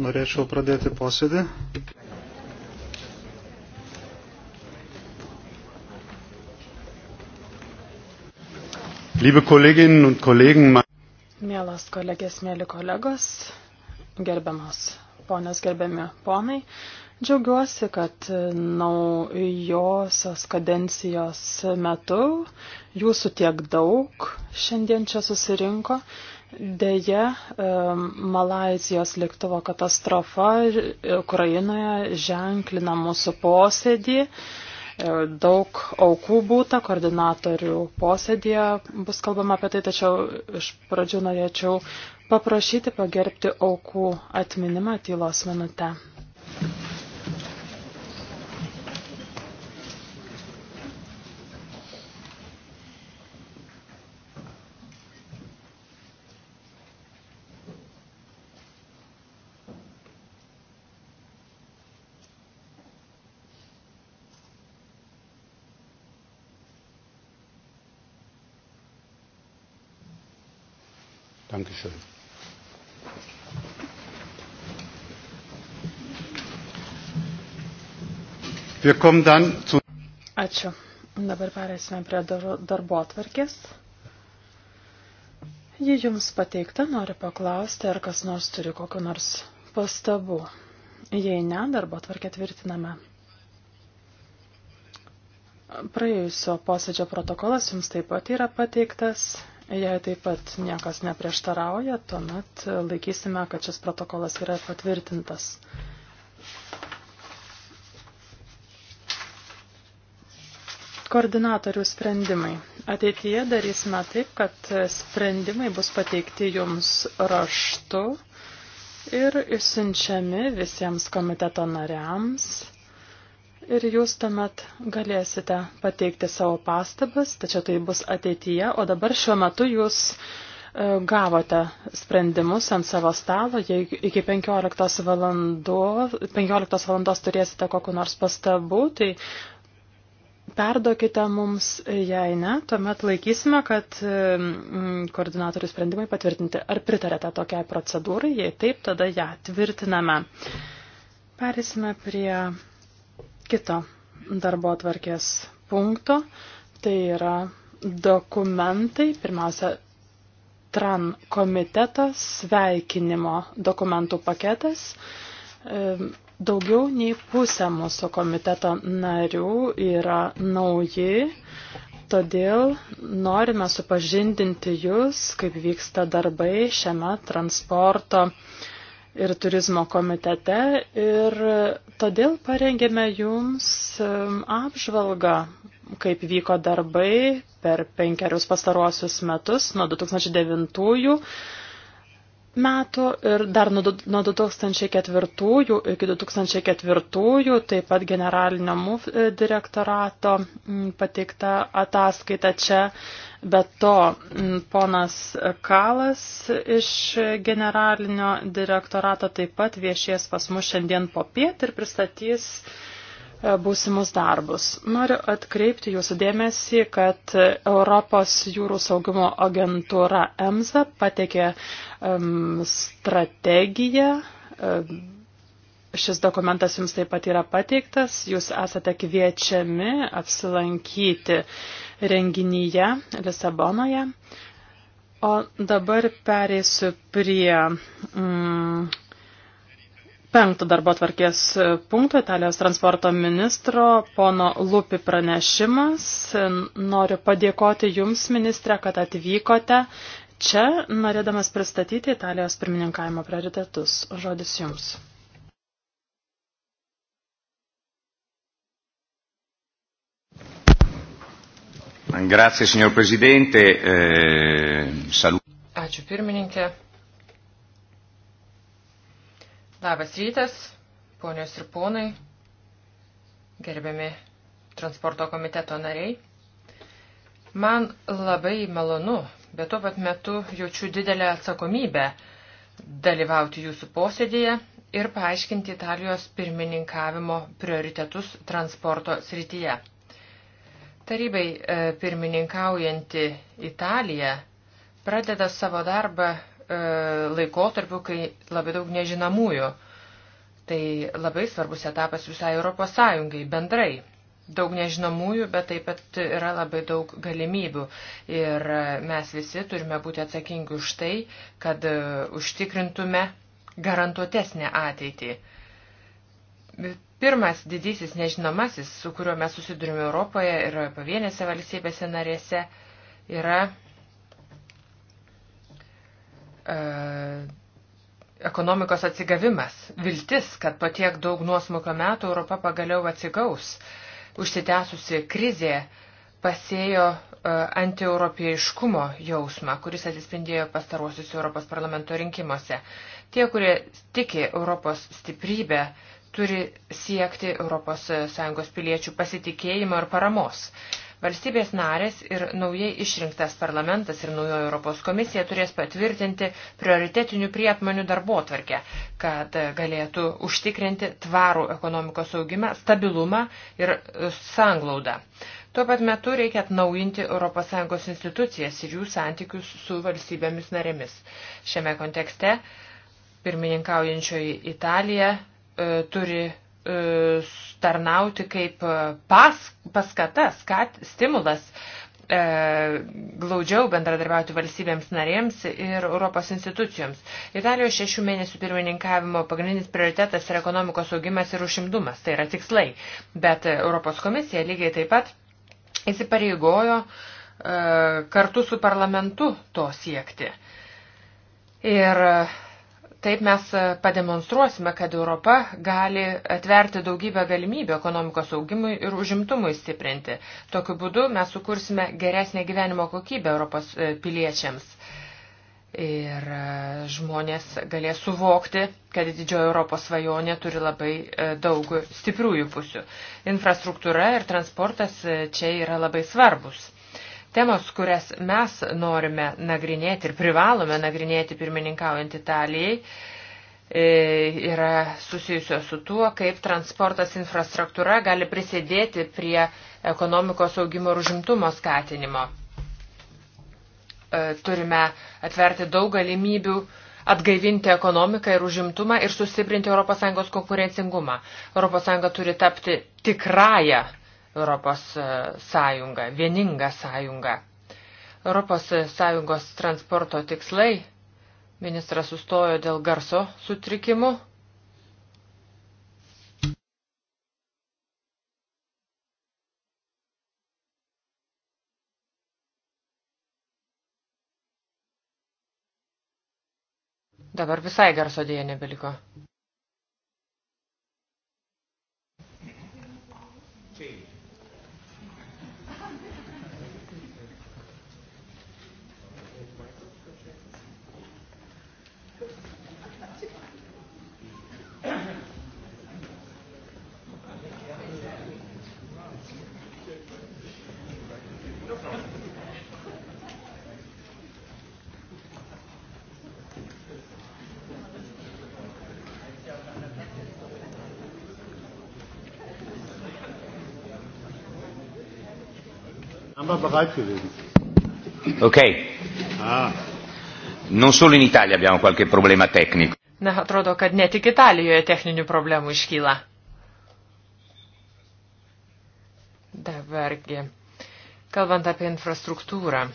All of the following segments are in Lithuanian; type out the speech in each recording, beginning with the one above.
norėčiau pradėti posėdį. Liebe Kolleginnen und Kollegen, Mielas kolegės, mėly kolegos, gerbiamas ponios, gerbiami ponai, džiaugiuosi, kad naujosios kadencijos metu jūsų tiek daug šiandien čia susirinko. Deja, Malazijos lėktuvo katastrofa e, Ukrainoje ženklina mūsų posėdį. E, daug aukų būta, koordinatorių posėdėje bus kalbama apie tai, tačiau iš pradžių norėčiau paprašyti pagerbti aukų atminimą tylos minutę. Dankeschön. Wir kommen dann zu. Ačiū. Dabar pereisime prie darbo atvarkės. Jei jums pateikta, noriu paklausti, ar kas nors turi kokiu nors pastabų. Jei ne, darbo atvarkę tvirtiname. Praėjusio posėdžio protokolas jums taip pat yra pateiktas. Jei taip pat niekas neprieštarauja, tuomet laikysime, kad šis protokolas yra patvirtintas. Koordinatorių sprendimai. Ateityje darysime taip, kad sprendimai bus pateikti jums raštu ir išsiunčiami visiems komiteto nariams ir jūs tuomet galėsite pateikti savo pastabas, tačiau tai bus ateityje, o dabar šiuo metu jūs e, gavote sprendimus ant savo stalo, jei iki 15 valandos, 15 valandos turėsite kokiu nors pastabu, tai perduokite mums, jei ne, tuomet laikysime, kad e, koordinatorių sprendimai patvirtinti. Ar pritarėte tokiai procedūrai? Jei taip, tada ją tvirtiname. Perėsime prie kito darbo atvarkės punkto. Tai yra dokumentai, pirmiausia, TRAN komitetas, sveikinimo dokumentų paketas. E, daugiau nei pusė mūsų komiteto narių yra nauji, todėl norime supažindinti jūs, kaip vyksta darbai šiame transporto uh, ir turizmo komitete ir todėl parengėme jums apžvalgą, kaip vyko darbai per penkerius pastaruosius metus nuo 2009 metų ir dar nuo 2004 iki 2004 taip pat generalinio MUF e, direktorato pateikta ataskaita čia. Be to, ponas Kalas iš generalinio direktorato taip pat viešies pas mus šiandien po piet ir pristatys uh, E, būsimus darbus. Noriu atkreipti jūsų dėmesį, kad Europos jūrų saugumo agentūra EMSA patekė um, strategiją. Um, Šis dokumentas jums taip pat yra pateiktas, jūs esate kviečiami apsilankyti renginyje Lisabonoje. O dabar pereisiu prie mm, penktą darbo tvarkės e, punktą Italijos transporto ministro pono Lupi pranešimas. Noriu padėkoti Jums, ministrė, kad atvykote čia, norėdamas pristatyti Italijos pirmininkavimo prioritetus. Žodis Jums. Grazie, signor Presidente. Eh, salut. Ačiū pirmininkė. Labas rytas, ponios ir ponai, gerbiami transporto komiteto nariai. Man labai malonu, bet tuo pat metu jaučiu didelę atsakomybę dalyvauti jūsų posėdėje ir paaiškinti Italijos pirmininkavimo prioritetus transporto srityje. Tarybai e, pirmininkaujanti Italija pradeda savo darbą E, laikotarpiu, kai labai daug nežinomųjų. Tai labai svarbus etapas visai Europos Sąjungai bendrai daug nežinomųjų, bet taip pat yra labai daug galimybių. Ir mes visi turime būti atsakingi už tai, kad e, užtikrintume garantuotesnę ateitį. Pirmas didysis nežinomasis, su kuriuo mes susidurime Europoje ir pavienėse valstybėse narėse, yra E, ekonomikos atsigavimas, viltis, kad po tiek daug nuosmukio metų Europa pagaliau atsigaus, užsitęsusi krizė pasėjo e, antieuropiešiškumo jausmą, kuris atsispindėjo pastarosius Europos parlamento rinkimuose. Tie, kurie tiki Europos stiprybę, turi siekti ES piliečių pasitikėjimo ir paramos. Valstybės narės ir naujai išrinktas parlamentas ir naujoji Europos komisija turės patvirtinti prioritetinių prietmonių darbotvarkę, kad galėtų užtikrinti tvarų ekonomikos augimą, stabilumą ir e, sanglaudą. Tuo pat metu reikia atnaujinti ES institucijas ir jų santykius su valstybėmis narėmis. Šiame kontekste pirmininkaujančioji Italija e, turi E, tarnauti kaip e, pas, paskata, skat, stimulas e, glaudžiau bendradarbiauti valstybėms narėms ir Europos institucijoms. Italijos šešių mėnesių pirmininkavimo pagrindinis prioritetas yra ekonomikos augimas ir užimdumas, tai yra tikslai. Bet Europos komisija lygiai taip pat įsipareigojo e, kartu su parlamentu to siekti. Ir e, Taip mes e, pademonstruosime, kad Europa gali atverti daugybę galimybių ekonomikos augimui ir užimtumui stiprinti. Tokiu būdu mes sukursime geresnę gyvenimo kokybę Europos e, piliečiams. Ir e, žmonės galės suvokti, kad didžioji Europos svajonė turi labai daug stipriųjų pusių. Infrastruktūra ir transportas čia yra labai svarbus. Temos, kurias mes norime nagrinėti ir privalome nagrinėti pirmininkaujant Italijai, e, yra susijusios su tuo, kaip transportas infrastruktūra gali prisidėti prie ekonomikos augimo ir užimtumo skatinimo. E, turime atverti daug galimybių atgaivinti ekonomiką ir užimtumą ir sustiprinti ES konkurencingumą. ES turi tapti tikrąją Europos e, sąjungą, vieningą sąjungą. Europos e, sąjungos transporto tikslai, ministras sustojo dėl garso sutrikimų. Dabar visai garso dėja nebeliko. bereit gewesen. Okay. Ah. Non solo in Italia abbiamo qualche problema tecnico. Na, atrodo, kad ne tik Italijoje techninių problemų iškyla. Dabargi, kalbant apie infrastruktūrą.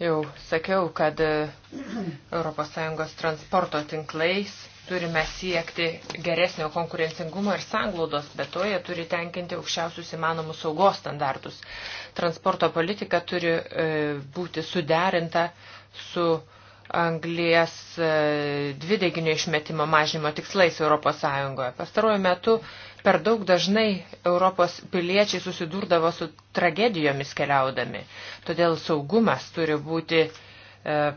Jau sakiau, kad ES transporto tinklais turime siekti geresnio konkurencingumo ir sanglaudos, bet to jie turi tenkinti aukščiausius įmanomus saugos standartus. Transporto politika turi e, būti suderinta su anglės e, dvideginio išmetimo mažinimo tikslais ES. Pastaruoju metu Per daug dažnai Europos piliečiai susidurdavo su tragedijomis keliaudami. Todėl saugumas turi būti e,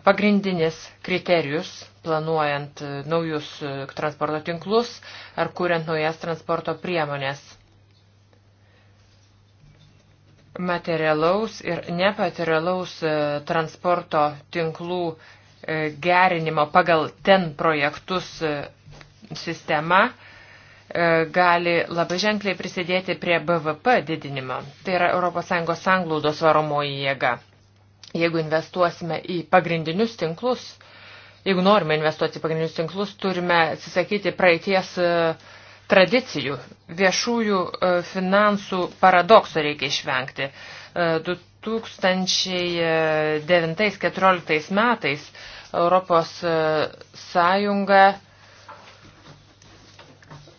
pagrindinis kriterijus planuojant e, naujus e, transporto tinklus ar kuriant naujas transporto priemonės. Materialaus ir nepaterialaus transporto tinklų gerinimo pagal ten projektus sistema E, gali labai ženkliai prisidėti prie BVP didinimo. Tai yra ES sanglaudos varomoji jėga. Jeigu investuosime į pagrindinius tinklus, jeigu norime investuoti į pagrindinius tinklus, turime atsisakyti praeities e, tradicijų. Viešųjų e, finansų paradokso reikia išvengti. 2009-2014 metais Europos Sąjunga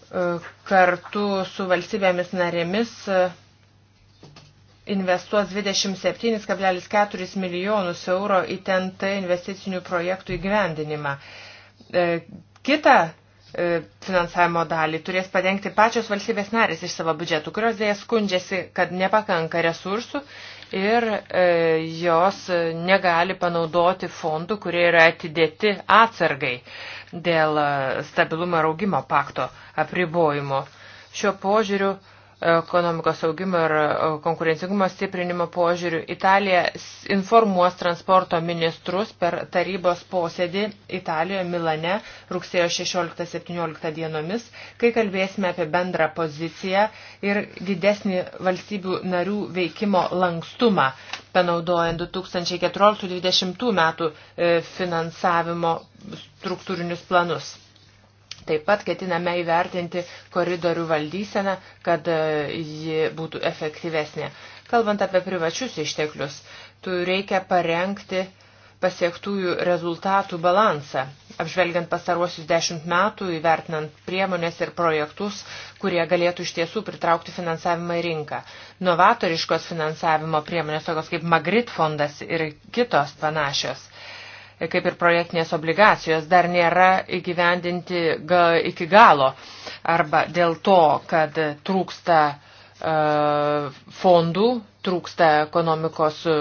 E, kartu su valstybėmis narėmis e, investuos 27,4 milijonus euro į TNT investicinių projektų įgyvendinimą. E, Kita finansavimo dalį turės padengti pačios valstybės narės iš savo biudžetų, kurios dėja skundžiasi, kad nepakanka resursų ir e, jos negali panaudoti fondų, kurie yra atidėti atsargai dėl e, stabilumo ir augimo pakto apribojimo. Šio požiūriu ekonomikos augimo ir e, konkurencingumo stiprinimo požiūrių. Italija informuos transporto ministrus per tarybos posėdį Italijoje Milane rugsėjo 16-17 dienomis, kai kalbėsime apie bendrą poziciją ir didesnį valstybių narių veikimo lankstumą, panaudojant 2014-2020 metų e, finansavimo struktūrinius planus. Taip pat ketiname įvertinti koridorių valdyseną, kad e, ji būtų efektyvesnė. Kalbant apie privačius išteklius, tu reikia parengti pasiektųjų rezultatų balansą, apžvelgiant pastaruosius dešimt metų, įvertinant priemonės ir projektus, kurie galėtų iš tiesų pritraukti finansavimą į rinką. Novatoriškos finansavimo priemonės, tokios kaip Magrit fondas ir kitos panašios, kaip ir projektinės obligacijos, dar nėra įgyvendinti iki galo arba dėl to, kad trūksta e, fondų, trūksta ekonomikos e,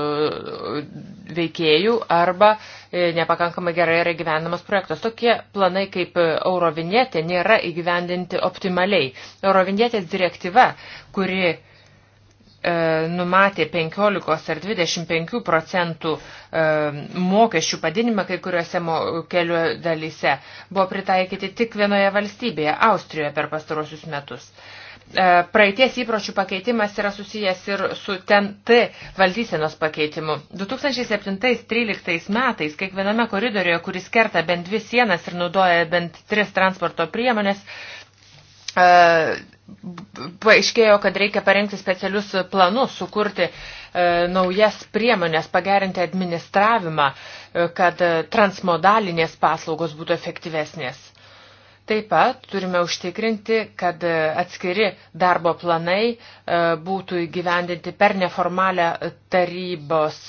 veikėjų arba e, nepakankamai gerai yra gyvenamas projektas. Tokie planai kaip Eurovinėtė nėra įgyvendinti optimaliai. Eurovinėtės direktyva, kuri E, numatė 15 ar 25 procentų e, mokesčių padinimą kai kuriuose kelių dalyse, buvo pritaikyti tik vienoje valstybėje, Austrijoje per pastarosius metus. E, praeities įpročių pakeitimas yra susijęs ir su ten T valdysenos pakeitimu. 2007-2013 metais kiekviename koridoriuje, kuris kerta bent dvi sienas ir naudoja bent tris transporto priemonės, paaiškėjo, kad reikia parengti specialius planus, sukurti e, naujas priemonės, pagerinti administravimą, e, kad transmodalinės paslaugos būtų efektyvesnės. Taip pat turime užtikrinti, kad atskiri darbo planai e, būtų įgyvendinti per neformalią tarybos,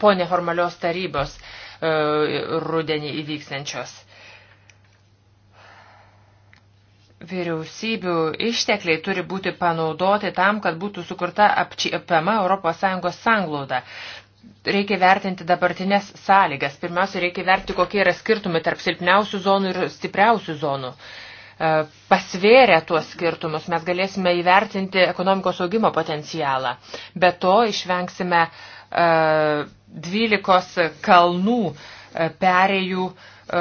po neformalios tarybos e, rudenį įvyksiančios. vyriausybių ištekliai turi būti panaudoti tam, kad būtų sukurta apčiapiama ES sanglauda. Reikia vertinti dabartinės sąlygas. Pirmiausia, reikia vertinti, kokie yra skirtumai tarp silpniausių zonų ir stipriausių zonų. E, pasvėrę tuos skirtumus mes galėsime įvertinti ekonomikos augimo potencialą. Be to išvengsime 12 e, kalnų e, perėjų uh, E,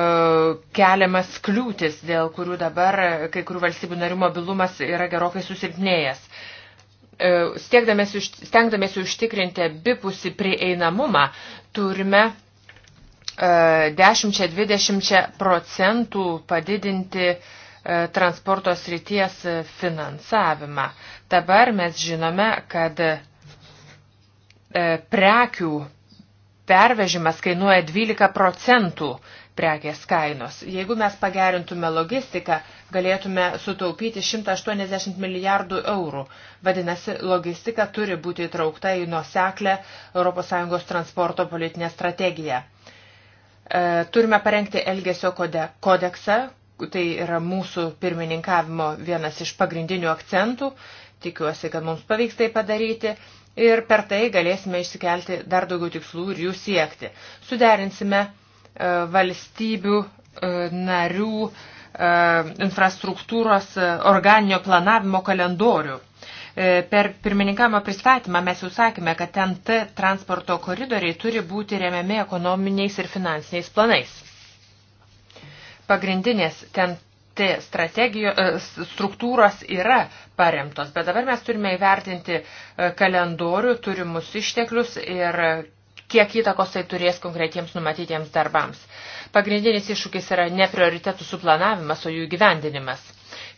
keliamas kliūtis, dėl kurių dabar kai kurių valstybių narių mobilumas yra gerokai susilpnėjęs e, stengdamėsi užtikrinti abipusi prieinamumą, turime 10-20 e, procentų padidinti transporto srities finansavimą. Dabar mes žinome, kad prekių pervežimas kainuoja 12 procentų prekės kainos. Jeigu mes pagerintume logistiką, galėtume sutaupyti 180 milijardų eurų. Vadinasi, logistika turi būti įtraukta į nuoseklę ES transporto politinę strategiją. E, turime parengti Elgesio kodeksą, tai yra mūsų pirmininkavimo vienas iš pagrindinių akcentų. Tikiuosi, kad mums pavyks tai padaryti ir per tai galėsime išsikelti dar daugiau tikslų ir jų siekti. Suderinsime valstybių e, narių e, infrastruktūros e, organinio planavimo kalendorių. Per pirmininkavimo pristatymą mes jau sakėme, kad ten T transporto koridoriai turi būti remiami ekonominiais ir finansiniais planais. Pagrindinės ten T struktūros yra paremtos, bet dabar mes turime įvertinti kalendorių, turimus išteklius ir kiek įtakos tai turės konkretiems numatytiems darbams. Pagrindinis iššūkis yra ne prioritetų suplanavimas, o jų gyvendinimas.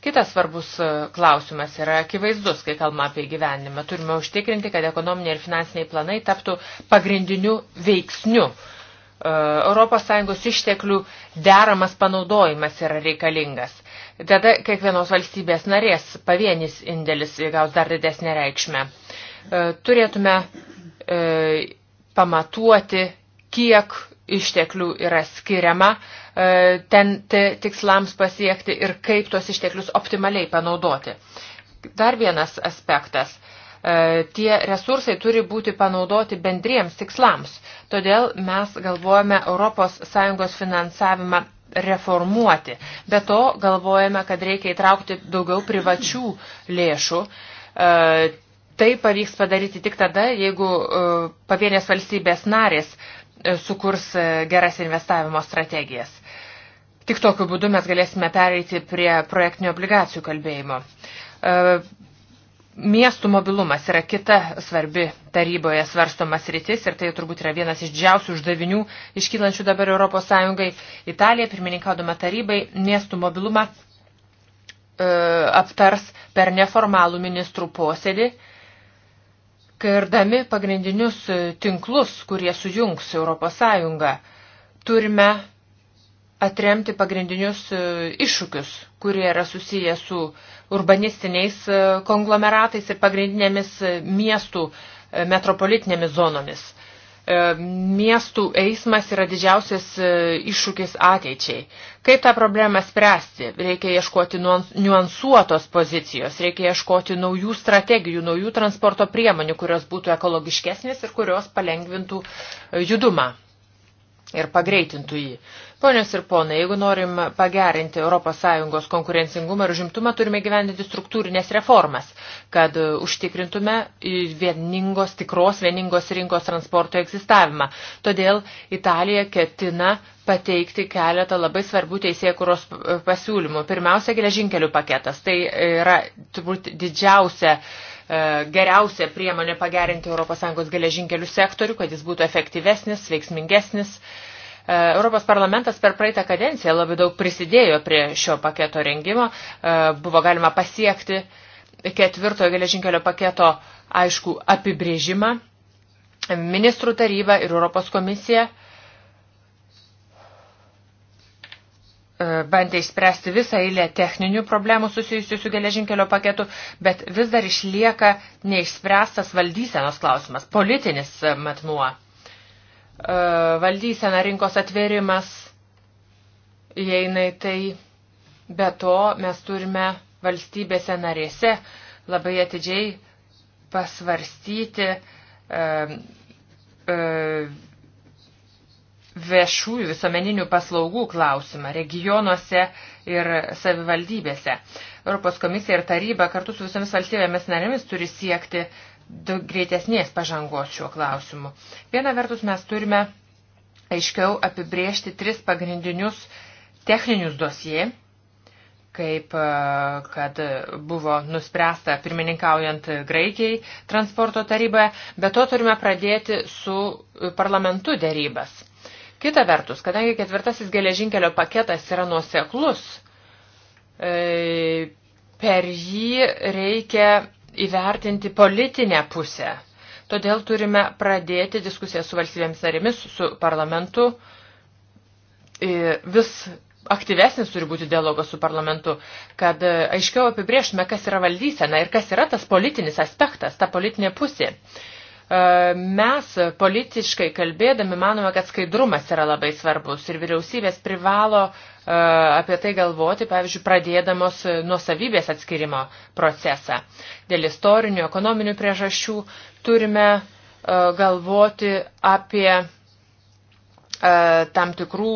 Kitas svarbus e, klausimas yra akivaizdus, kai kalbame apie gyvenimą. Turime užtikrinti, kad ekonominiai ir finansiniai planai taptų pagrindiniu veiksniu. ES išteklių deramas panaudojimas yra reikalingas. Tada kiekvienos valstybės narės pavienis indėlis įgaus dar didesnę reikšmę. E, turėtume e, pamatuoti, kiek išteklių yra skiriama e, ten tikslams pasiekti ir kaip tuos išteklius optimaliai panaudoti. Dar vienas aspektas. E, tie resursai turi būti panaudoti bendriems tikslams. Todėl mes galvojame ES finansavimą reformuoti. Be to galvojame, kad reikia įtraukti daugiau privačių lėšų e, Tai pavyks padaryti tik tada, jeigu e, pavienės valstybės narės e, sukurs e, geras investavimo strategijas. Tik tokiu būdu mes galėsime pereiti prie projektinių obligacijų kalbėjimo. Miestų mobilumas yra kita svarbi taryboje svarstomas rytis ir tai turbūt yra vienas iš didžiausių uždavinių iškylančių dabar Europos Sąjungai. Italija, pirmininkaudama tarybai, miestų mobilumą e, aptars per neformalų ministrų posėdį. E, kirdami pagrindinius tinklus, kurie sujungs Europos Sąjungą, turime atremti pagrindinius e, iššūkius, kurie yra susiję su urbanistiniais e, konglomeratais ir pagrindinėmis e, miestų metropolitinėmis zonomis. E, miestų eismas yra didžiausias e, iššūkis ateičiai. Kaip tą problemą spręsti? Reikia ieškoti niuansuotos pozicijos, reikia ieškoti naujų strategijų, naujų transporto priemonių, kurios būtų ekologiškesnės ir kurios palengvintų e, judumą ir pagreitintų jį. Ponios ir ponai, jeigu norim pagerinti ES konkurencingumą ir žimtumą, turime gyvendinti struktūrinės reformas, kad e, užtikrintume vieningos, tikros vieningos rinkos transporto egzistavimą. Todėl Italija ketina pateikti keletą labai svarbių teisėkuros e, pasiūlymų. Pirmiausia, geležinkelių paketas. Tai yra turbūt didžiausia uh, E, geriausia priemonė pagerinti ES geležinkelių sektorių, kad jis būtų efektyvesnis, veiksmingesnis. E, Europos parlamentas per praeitą kadenciją labai daug prisidėjo prie šio paketo rengimo. E, buvo galima pasiekti ketvirtojo geležinkelio paketo aišku apibrėžimą. Ministrų taryba ir Europos komisija uh, E, bandė išspręsti visą eilę techninių problemų susijusių su geležinkelio paketu, bet vis dar išlieka neišspręstas valdysenos klausimas, politinis e, matmuo, e, valdysena rinkos atvėrimas, įeina į tai, be to mes turime valstybėse narėse labai atidžiai pasvarstyti e, e, viešųjų visuomeninių paslaugų klausimą regionuose ir savivaldybėse. Europos komisija ir taryba kartu su visomis valstybėmis narėmis turi siekti greitesnės pažangos šiuo klausimu. Viena vertus mes turime aiškiau apibriežti tris pagrindinius techninius dosie, kaip e, kad buvo nuspręsta pirmininkaujant Graikijai transporto taryboje, bet to turime pradėti su parlamentu dėrybas Kita vertus, kadangi ketvirtasis geležinkelio paketas yra nuoseklus, e, per jį reikia įvertinti politinę pusę. Todėl turime pradėti diskusiją su valstybėms narėmis, su parlamentu. E, vis aktyvesnis turi būti dialogas su parlamentu, kad e, aiškiau apibrieštume, kas yra valdysena ir kas yra tas politinis aspektas, ta politinė pusė. Uh, E, mes politiškai kalbėdami manome, kad skaidrumas yra labai svarbus ir vyriausybės privalo e, apie tai galvoti, pavyzdžiui, pradėdamos nuosavybės atskirimo procesą. Dėl istorinių, ekonominių priežasčių turime e, galvoti apie tam tikrų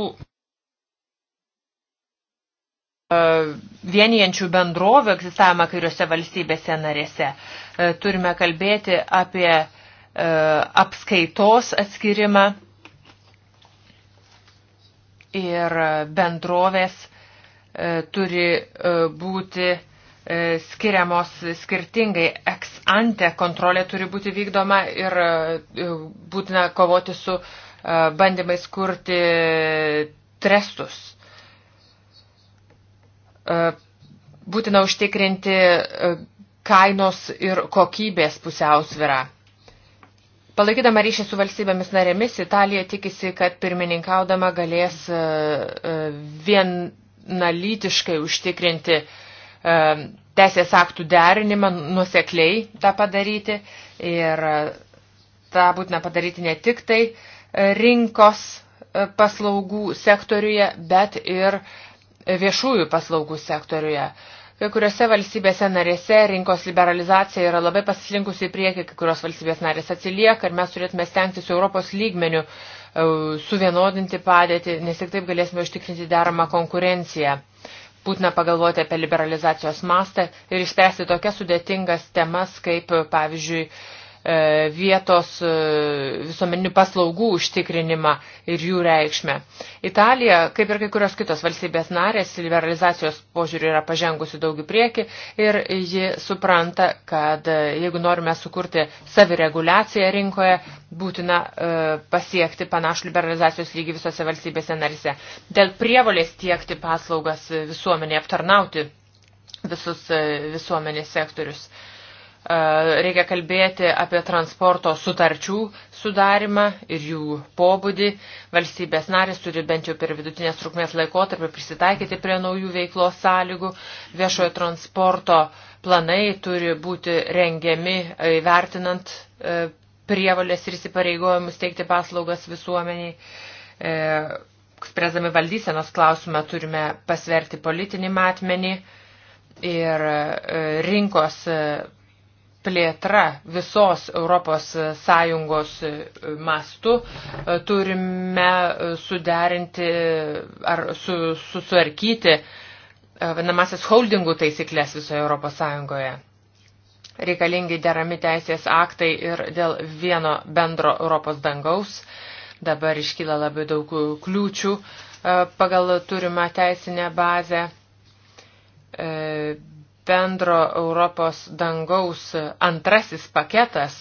vienijančių bendrovių egzistavimą kairiuose valstybėse narėse. Turime kalbėti apie E, apskaitos atskirimą ir bendrovės e, turi e, būti skiriamos skirtingai. Ex ante kontrolė turi būti vykdoma ir būtina kovoti su bandymais kurti trestus. Būtina užtikrinti kainos ir kokybės pusiausvirą. Palaikydama ryšį su valstybėmis narėmis, Italija tikisi, kad pirmininkaudama galės e, e, vienalytiškai užtikrinti e, teisės aktų derinimą, nusekliai tą padaryti ir tą būtina padaryti ne tik tai rinkos paslaugų sektoriuje, bet ir viešųjų paslaugų sektoriuje. Kai kuriuose valstybėse narėse rinkos liberalizacija yra labai pasislinkusi į priekį, kai kurios valstybės narės atsilieka ir mes turėtume stengtis Europos lygmenių e, suvienodinti padėtį, nes tik taip galėsime užtikrinti deramą konkurenciją. Būtina pagalvoti apie liberalizacijos mastą ir išspręsti tokias sudėtingas temas kaip, pavyzdžiui, E, vietos e, visuomeninių paslaugų užtikrinimą ir jų reikšmę. Italija, kaip ir kai kurios kitos valstybės narės, liberalizacijos požiūrį yra pažengusi daug į priekį ir ji supranta, kad e, jeigu norime sukurti savireguliaciją rinkoje, būtina pasiekti panašų liberalizacijos lygį visose valstybėse narise. Dėl prievolės tiekti paslaugas visuomenė, aptarnauti visus visuomenės sektorius. Uh, Reikia kalbėti apie transporto sutarčių sudarimą ir jų pobūdį. Valstybės narės turi bent jau per vidutinės trukmės laikotarpį prisitaikyti prie naujų veiklos sąlygų. Viešojo transporto planai turi būti rengiami vertinant e, prievalės ir įsipareigojimus teikti paslaugas visuomeniai. E, spręsdami valdysenos klausimą turime pasverti politinį matmenį ir e, rinkos plėtra visos ES e, mastu e, turime e, suderinti ar su, susarkyti vienamasis holdingų taisyklės visoje ES. Reikalingi derami teisės aktai ir dėl vieno bendro Europos dangaus. Dabar iškyla labai daug kliūčių pagal turimą teisinę bazę bendro Europos dangaus antrasis paketas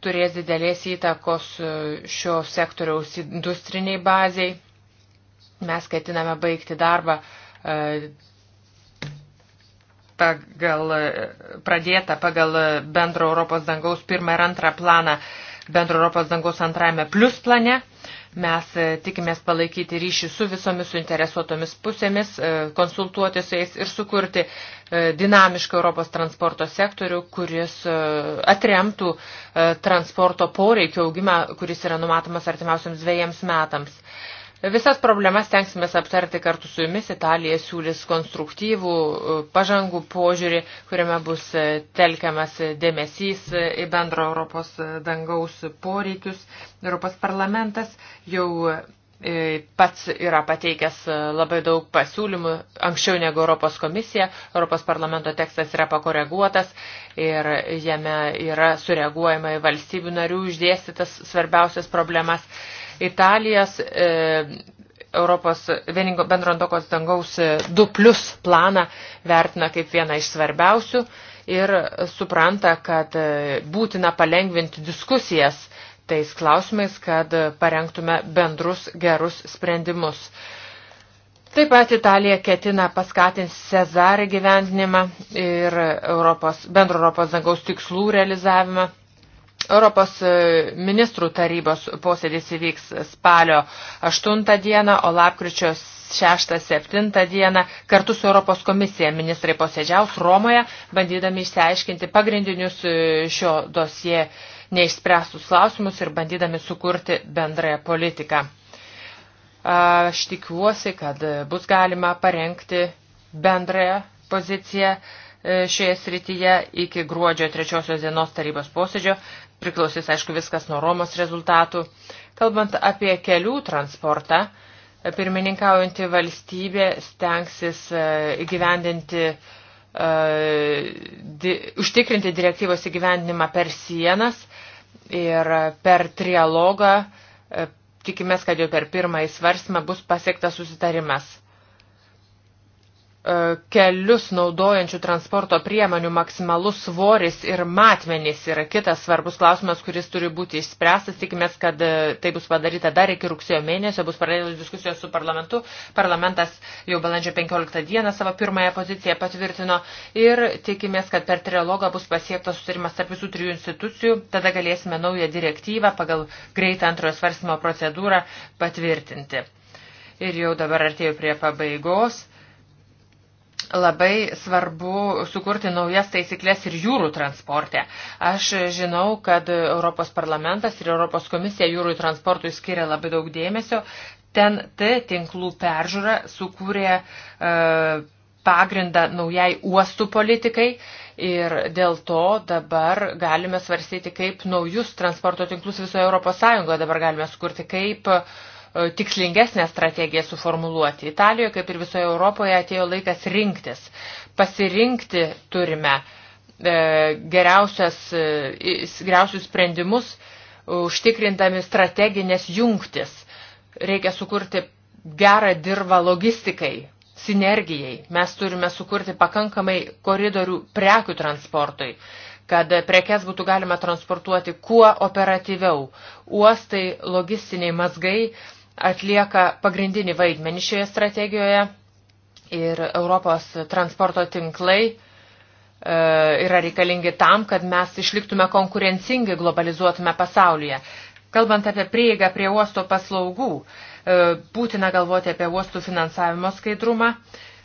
turės didelės įtakos e, šio sektoriaus industriniai baziai. Mes ketiname baigti darbą e, pagal, e, pradėtą pagal bendro Europos dangaus pirmą ir antrą planą, bendro Europos dangaus antrajame plus plane. Mes e, tikimės palaikyti ryšį su visomis suinteresuotomis pusėmis, e, konsultuoti su jais ir sukurti e, dinamišką Europos transporto sektorių, kuris atremtų transporto poreikio augimą, kuris yra numatomas artimiausiams dviejams metams. Visas problemas tenksime aptarti kartu su jumis. Italija siūlys konstruktyvų, e, pažangų požiūrį, kuriame bus e, telkiamas dėmesys e, į bendro Europos dangaus poreikius. Europos parlamentas jau pats yra pateikęs labai daug pasiūlymų anksčiau negu Europos komisija. Europos parlamento tekstas yra pakoreguotas ir jame yra sureaguojama į valstybių narių išdėstytas svarbiausias problemas. Italijos e, Europos vieningo bendrondokos dangaus 2 e, plus planą vertina kaip vieną iš svarbiausių ir supranta, kad e, būtina palengvinti diskusijas tais klausimais, kad parengtume bendrus gerus sprendimus. Taip pat Italija ketina paskatinti Cezarį gyvendinimą ir Europos, bendro Europos dangaus tikslų realizavimą. Europos e, ministrų tarybos posėdis įvyks spalio 8 dieną, o lapkričio 6-7 dieną kartu su Europos komisija ministrai posėdžiaus Romoje, bandydami išsiaiškinti pagrindinius e, šio dosie neišspręstus klausimus ir bandydami sukurti bendrąją politiką. Aš tikiuosi, kad bus galima parengti bendrąją poziciją e, šioje srityje iki gruodžio trečiosios dienos tarybos posėdžio, priklausys, aišku, viskas nuo Romos rezultatų. Kalbant apie kelių transportą, pirmininkaujanti valstybė stengsis e, įgyvendinti, e, di, užtikrinti direktyvos įgyvendinimą per sienas ir per trialogą e, tikimės, kad jau per pirmąjį svarstymą bus pasiektas susitarimas. E, kelius naudojančių transporto priemonių maksimalus svoris ir matmenys yra kitas svarbus klausimas, kuris turi būti išspręstas. Tikimės, kad e, tai bus padaryta dar iki rugsėjo mėnesio, bus pradėtos diskusijos su parlamentu. Parlamentas jau balandžio 15 dieną savo pirmąją poziciją patvirtino ir tikimės, kad per trilogą bus pasiektas susirimas tarp visų trijų institucijų. Tada galėsime naują direktyvą pagal greitą antrojo svarstymo procedūrą patvirtinti. Ir jau dabar artėjau prie pabaigos labai svarbu sukurti naujas taisyklės ir jūrų transporte. Aš žinau, kad Europos parlamentas ir Europos komisija jūrų transportui skiria labai daug dėmesio. Ten T tinklų peržiūra sukūrė e, pagrindą naujai uostų politikai ir dėl to dabar galime svarstyti, kaip naujus transporto tinklus visoje Europos Sąjungoje dabar galime sukurti, kaip uh, E, tikslingesnę strategiją suformuluoti. Italijoje, kaip ir visoje Europoje, atėjo laikas rinktis. Pasirinkti turime e, e, geriausius sprendimus, užtikrindami strateginės jungtis. Reikia sukurti gerą dirbą logistikai, sinergijai. Mes turime sukurti pakankamai koridorių prekių transportui kad prekes būtų galima transportuoti kuo operatyviau. Uostai, logistiniai mazgai atlieka pagrindinį vaidmenį šioje strategijoje ir Europos transporto tinklai e, yra reikalingi tam, kad mes išliktume konkurencingi globalizuotume pasaulyje. Kalbant apie prieigą prie uosto paslaugų, e, būtina galvoti apie uostų finansavimo skaidrumą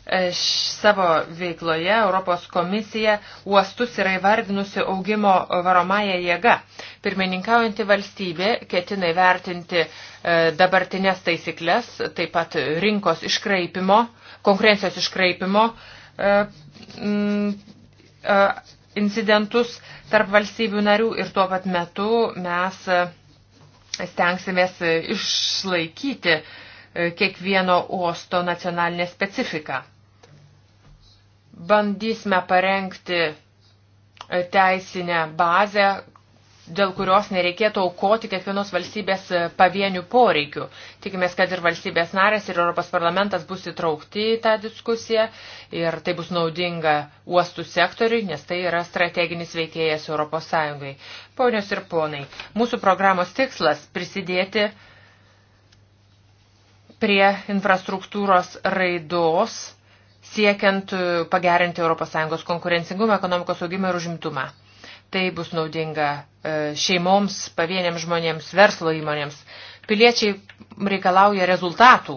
E, savo veikloje Europos komisija uostus yra įvardinusi augimo varomąją jėgą. Pirmininkaujanti valstybė ketina įvertinti e, dabartinės taisyklės, taip pat rinkos iškraipimo, konkurencijos iškraipimo e, incidentus tarp valstybių narių ir tuo pat metu mes stengsimės išlaikyti kiekvieno uosto nacionalinę specifiką bandysime parengti teisinę bazę, dėl kurios nereikėtų aukoti kiekvienos valstybės pavienių poreikių. Tikimės, kad ir valstybės narės, ir Europos parlamentas bus įtraukti į tą diskusiją ir tai bus naudinga uostų sektoriui, nes tai yra strateginis veikėjas Europos Sąjungai. Ponios ir ponai, mūsų programos tikslas prisidėti prie infrastruktūros raidos siekiant e, pagerinti ES konkurencingumą, ekonomikos augimą ir užimtumą. Tai bus naudinga e, šeimoms, pavieniams žmonėms, verslo įmonėms. Piliečiai reikalauja rezultatų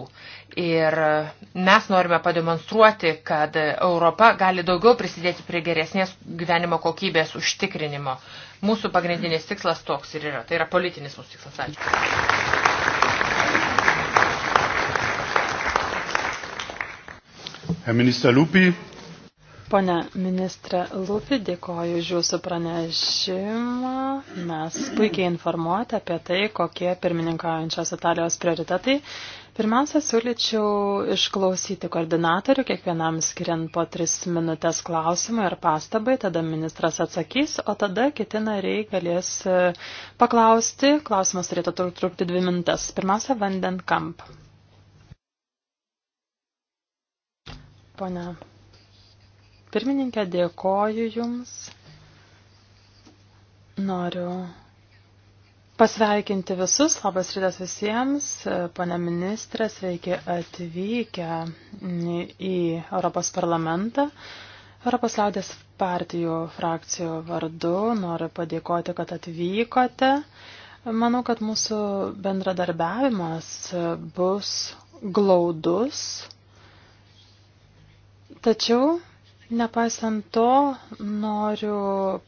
ir e, mes norime pademonstruoti, kad Europa gali daugiau prisidėti prie geresnės gyvenimo kokybės užtikrinimo. Mūsų pagrindinis tikslas toks ir yra. Tai yra politinis mūsų tikslas. Ačiū. Herr Minister Lupi. Pone ministrė Lupi, dėkoju už jūsų pranešimą. Mes puikiai informuoti apie tai, kokie pirmininkaujančios Italijos prioritetai. Pirmiausia, siūlyčiau išklausyti koordinatorių, kiekvienam skiriant po tris minutės klausimą ir pastabai, tada ministras atsakys, o tada kiti nariai galės e, paklausti. Klausimas turėtų trukti dvi minutės. Pirmiausia, Vandenkamp. Pone pirmininkė, dėkoju Jums. Noriu pasveikinti visus. Labas rytas visiems. Pane ministrė, sveiki atvykę į Europos parlamentą. Europos liaudės partijų frakcijų vardu noriu padėkoti, kad atvykote. Manau, kad mūsų bendradarbiavimas bus glaudus Tačiau, nepaisant to, noriu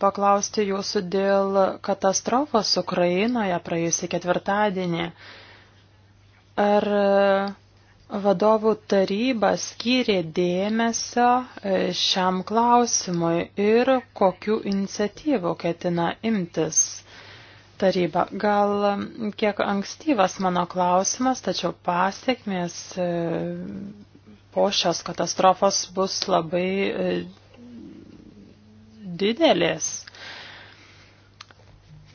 paklausti jūsų dėl katastrofos Ukrainoje praėjusį ketvirtadienį. Ar vadovų taryba skyrė dėmesio šiam klausimui ir kokiu iniciatyvu ketina imtis? taryba. Gal kiek ankstyvas mano klausimas, tačiau pasiekmės po šios katastrofos bus labai e, didelės.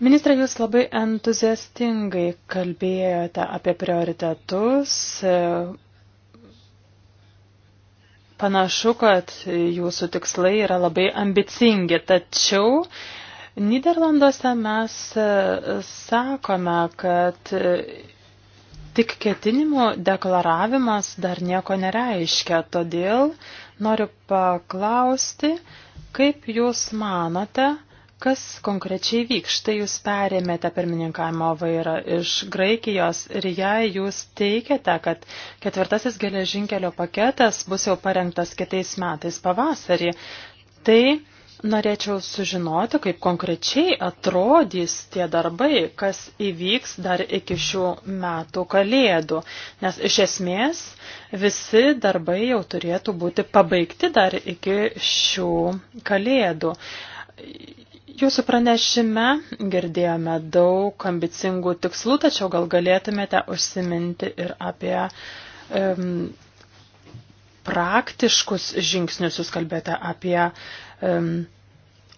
Ministra, jūs labai entuziastingai kalbėjote apie prioritetus. E, panašu, kad jūsų tikslai yra labai ambicingi, tačiau Niderlanduose mes e, sakome, kad Tik ketinimų deklaravimas dar nieko nereiškia, todėl noriu paklausti, kaip Jūs manote, kas konkrečiai vyks. Štai Jūs perėmėte pirmininkavimo vairą iš Graikijos ir jei Jūs teikiate, kad ketvirtasis geležinkelio paketas bus jau parengtas kitais metais pavasarį, tai Norėčiau sužinoti, kaip konkrečiai atrodys tie darbai, kas įvyks dar iki šių metų kalėdų, nes iš esmės visi darbai jau turėtų būti pabaigti dar iki šių kalėdų. Jūsų pranešime girdėjome daug ambicingų tikslų, tačiau gal galėtumėte užsiminti ir apie um, praktiškus žingsnius, jūs kalbėjote apie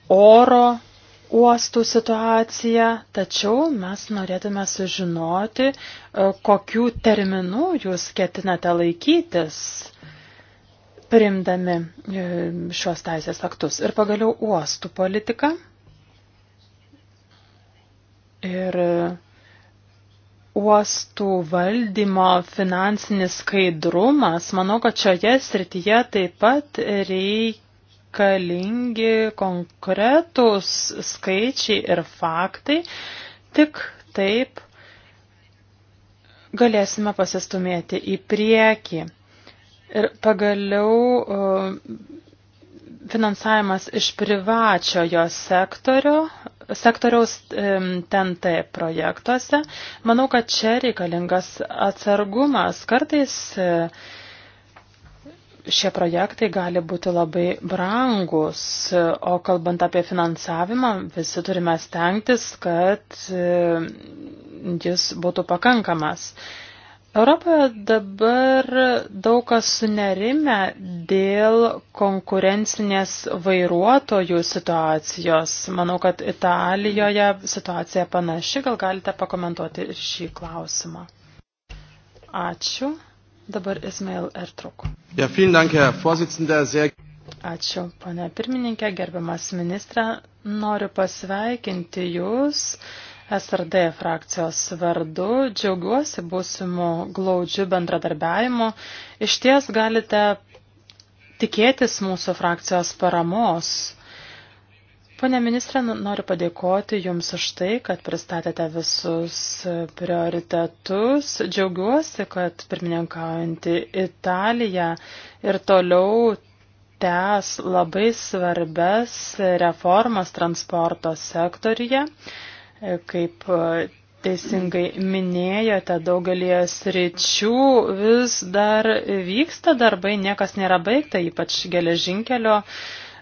oro uostų situaciją, tačiau mes norėtume sužinoti, e, kokių terminų jūs ketinate laikytis primdami e, šios teisės aktus. Ir pagaliau uostų politika. Ir e, uostų valdymo finansinis skaidrumas, manau, kad šioje srityje taip pat reikia reikalingi konkretūs skaičiai ir faktai, tik taip galėsime pasistumėti į priekį. Ir pagaliau e, finansavimas iš privačiojo sektorio, sektoriaus TNT e, projektuose. Manau, kad čia reikalingas atsargumas. Kartais e, šie projektai gali būti labai brangus, o kalbant apie finansavimą, visi turime stengtis, kad e, jis būtų pakankamas. Europoje dabar daug kas sunerime dėl konkurencinės vairuotojų situacijos. Manau, kad Italijoje situacija panaši, gal galite pakomentuoti ir šį klausimą. Ačiū. Dabar Ismail Ertruk. Ja, dank, sehr... Ačiū, pane pirmininkė, gerbiamas ministrė. Noriu pasveikinti Jūs SRD frakcijos vardu. Džiaugiuosi būsimu glaudžiu bendradarbiavimu. Iš ties galite tikėtis mūsų frakcijos paramos Pone ministrė, noriu padėkoti Jums už tai, kad pristatėte visus prioritetus. Džiaugiuosi, kad pirmininkaujantį Italiją ir toliau tęs labai svarbes reformas transporto sektoriuje, kaip teisingai minėjote, daugelį sričių vis dar vyksta darbai, niekas nėra baigta, ypač geležinkelio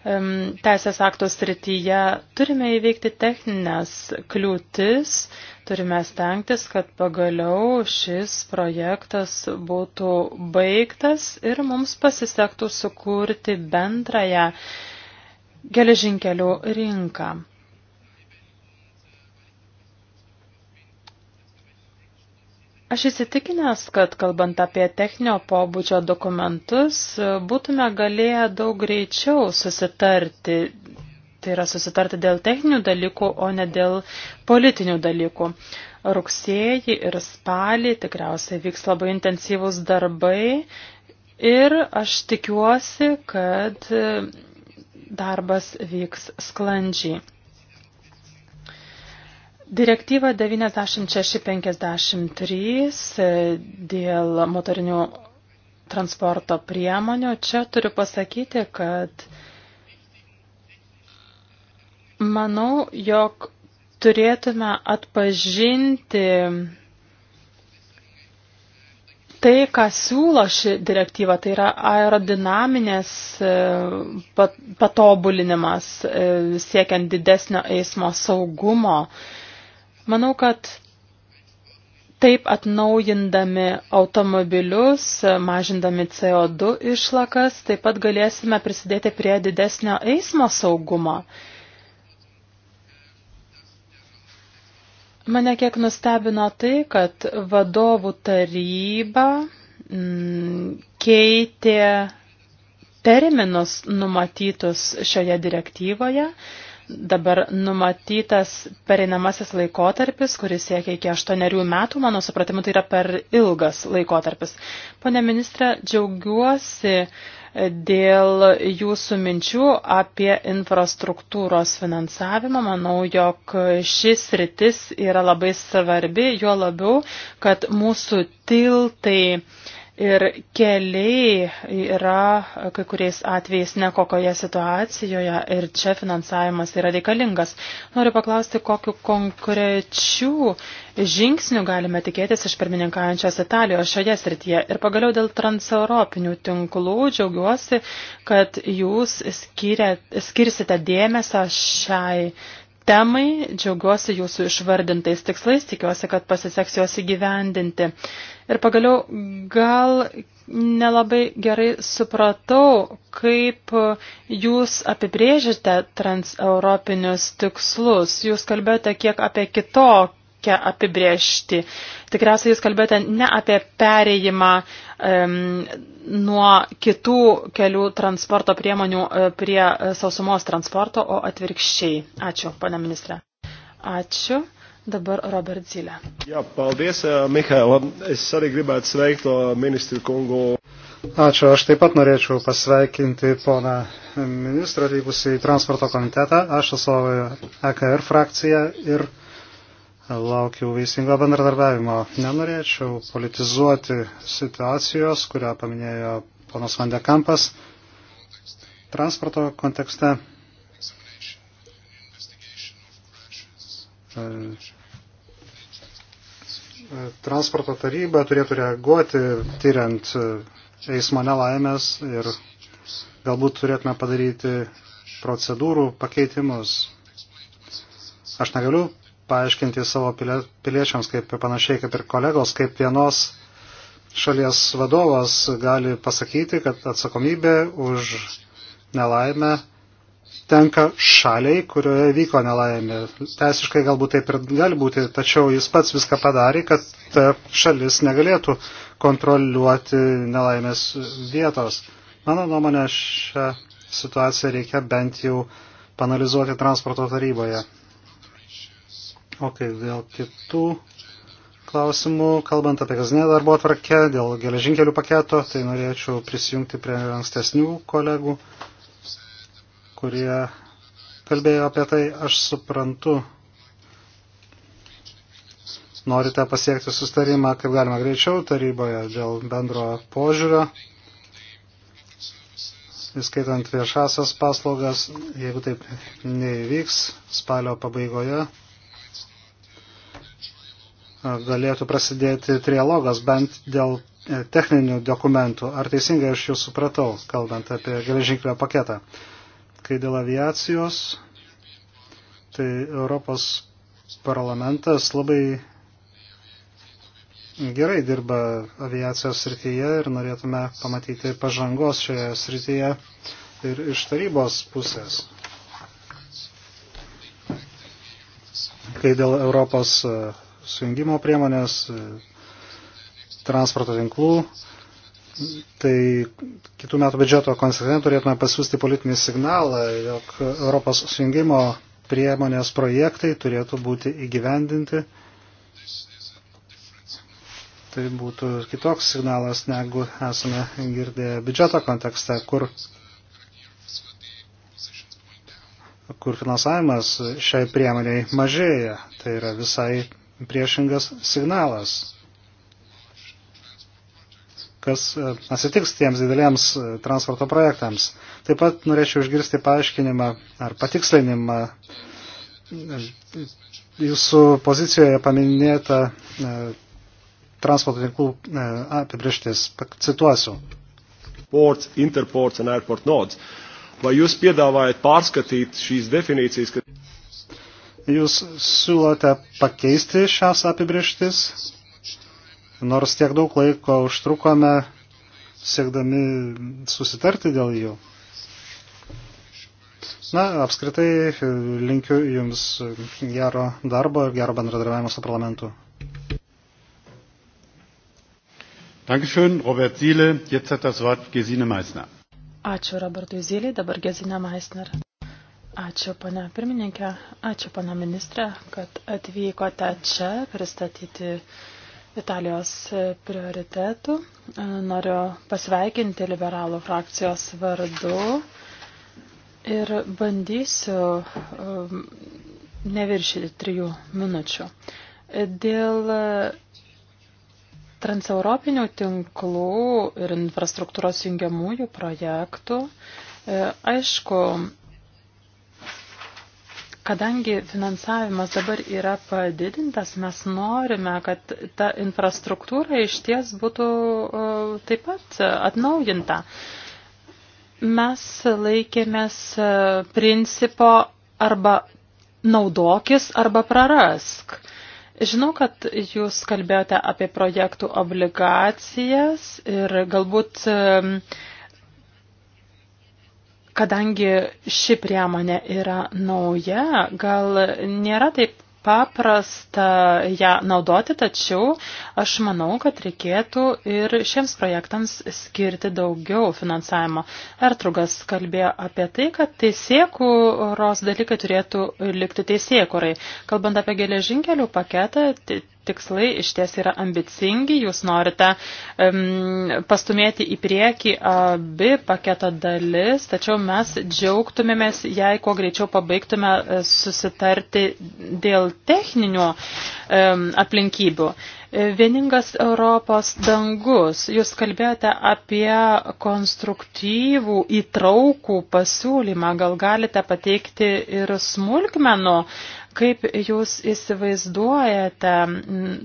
teisės aktos srityje turime įveikti techninės kliūtis, turime stengtis, kad pagaliau šis projektas būtų baigtas ir mums pasisektų sukurti bendrąją geležinkelių rinką. Aš įsitikinęs, kad kalbant apie techninio pobūdžio dokumentus, būtume galėję daug greičiau susitarti. Tai yra susitarti dėl techninių dalykų, o ne dėl politinių dalykų. Rugsėjį ir spalį tikriausiai vyks labai intensyvūs darbai ir aš tikiuosi, kad darbas vyks sklandžiai. Direktyva 9653 e, dėl motorinių transporto priemonių. Čia turiu pasakyti, kad manau, jog turėtume atpažinti tai, ką siūlo ši direktyva, tai yra aerodinaminės e, patobulinimas e, siekiant didesnio eismo saugumo Manau, kad taip atnaujindami automobilius, mažindami CO2 išlakas, taip pat galėsime prisidėti prie didesnio eismo saugumo. Mane kiek nustebino tai, kad vadovų taryba mm, keitė terminus numatytus šioje direktyvoje dabar numatytas pereinamasis laikotarpis, kuris siekia iki aštuonerių metų, mano supratimu, tai yra per ilgas laikotarpis. Pone ministrė, džiaugiuosi e, dėl jūsų minčių apie infrastruktūros finansavimą. Manau, jog šis rytis yra labai svarbi, juo labiau, kad mūsų tiltai Ir keliai yra kai kuriais atvejais nekokioje situacijoje ir čia finansavimas yra reikalingas. Noriu paklausti, kokiu konkrečių žingsnių galime tikėtis iš pirmininkaujančios Italijos šioje srityje. Ir pagaliau dėl transeuropinių tinklų džiaugiuosi, kad jūs skiriat, skirsite dėmesio šiai temai, džiaugiuosi jūsų išvardintais tikslais, tikiuosi, kad pasiseks juos įgyvendinti. Ir pagaliau gal nelabai gerai supratau, kaip jūs apibrėžite transeuropinius tikslus. Jūs kalbėjote kiek apie kitokį apibriežti. Tikriausiai jūs kalbėjote ne apie pereimą nuo kitų kelių transporto priemonių e, prie sausumos transporto, o atvirkščiai. Ačiū, pane ministrė. Ačiū. Dabar Robert Zilė. Ja, paldies, e, Michaela. Es arī gribētu sveikt e, ministru Kongo. Ačiū. Aš taip pat norėčiau pasveikinti poną ministrą atvykusį į transporto komitetą. Aš esu EKR frakcija ir laukiu vaisingo bendradarbiavimo. Nenorėčiau politizuoti situacijos, kurią paminėjo ponas Vandekampas. Transporto kontekste e, transporto taryba turėtų reaguoti, tyriant e, eismo nelaimės ir galbūt turėtume padaryti procedūrų pakeitimus. Aš negaliu paaiškinti savo piliečiams, kaip panašiai kaip ir kolegos, kaip vienos šalies vadovas gali pasakyti, kad atsakomybė už nelaimę tenka šaliai, kurioje vyko nelaimė. Teisiškai galbūt taip ir gali būti, tačiau jis pats viską padarė, kad ta šalis negalėtų kontroliuoti nelaimės vietos. Mano nuomonė, šią situaciją reikia bent jau panalizuoti transporto taryboje. O kai dėl kitų klausimų, kalbant apie kasdienę darbo atvarkę, dėl geležinkelių paketo, tai norėčiau prisijungti prie ankstesnių kolegų, kurie kalbėjo apie tai, aš suprantu, norite pasiekti sustarimą kaip galima greičiau taryboje dėl bendro požiūrio, įskaitant viešasias paslaugas, jeigu taip neįvyks spalio pabaigoje, galėtų prasidėti trialogas bent dėl e, techninių dokumentų. Ar teisingai aš jūs supratau, kalbant apie geležinkelio paketą? Kai dėl aviacijos, tai Europos parlamentas labai gerai dirba aviacijos srityje ir norėtume pamatyti pažangos šioje srityje ir iš tarybos pusės. Kai dėl Europos e, sujungimo priemonės, transporto tinklų. Tai kitų metų biudžeto konsekvent turėtume pasiūsti politinį signalą, jog Europos sujungimo priemonės projektai turėtų būti įgyvendinti. Tai būtų kitoks signalas, negu esame girdėję biudžeto kontekste, kur, kur finansavimas šiai priemoniai mažėja. Tai yra visai priešingas signalas, kas e, atsitiks tiems dideliems e, transporto projektams. Taip pat norėčiau išgirsti paaiškinimą ar patikslinimą e, jūsų pozicijoje paminėta transporto tinklų apibrieštis. Cituosiu. Ports, interports and airport nodes. Vai jūs piedāvājat pārskatīt šīs definīcijas, kad Jūs siūlote pakeisti šias apibrieštis, nors tiek daug laiko užtrukome siekdami susitarti dėl jų. Na, apskritai linkiu Jums gero darbo ir gero bendradarbiavimo su parlamentu. Dankeschön, Robert Ziele. Jetzt hat das Wort Gesine Meissner. Ačiū Robertui Zylį, dabar Gezina Meissner. Ačiū, pane pirmininkė, ačiū, pane ministrė, kad atvykote čia pristatyti Italijos prioritetų. Noriu pasveikinti liberalų frakcijos vardu ir bandysiu um, neviršyti trijų minučių. Dėl transeuropinių tinklų ir infrastruktūros jungiamųjų projektų, e, aišku, Kadangi finansavimas dabar yra padidintas, mes norime, kad ta infrastruktūra iš ties būtų e, taip pat atnaujinta. Mes laikėmės e, principo arba naudokis arba prarask. Žinau, kad jūs kalbėjote apie projektų obligacijas ir galbūt um, Kadangi ši priemonė yra nauja, gal nėra taip paprasta ją naudoti, tačiau aš manau, kad reikėtų ir šiems projektams skirti daugiau finansavimo. Ertrugas kalbėjo apie tai, kad teisėkuros dalykai turėtų likti teisėkurai. Kalbant apie geležinkelių paketą, tikslai iš ties yra ambicingi, jūs norite um, pastumėti į priekį abi paketo dalis, tačiau mes džiaugtumėmės, jei kuo greičiau pabaigtume e, susitarti dėl techninių um, aplinkybių. Uh, Vieningas Europos dangus. Jūs kalbėjote apie konstruktyvų, įtraukų pasiūlymą. Gal galite pateikti ir smulkmenų, kaip jūs įsivaizduojate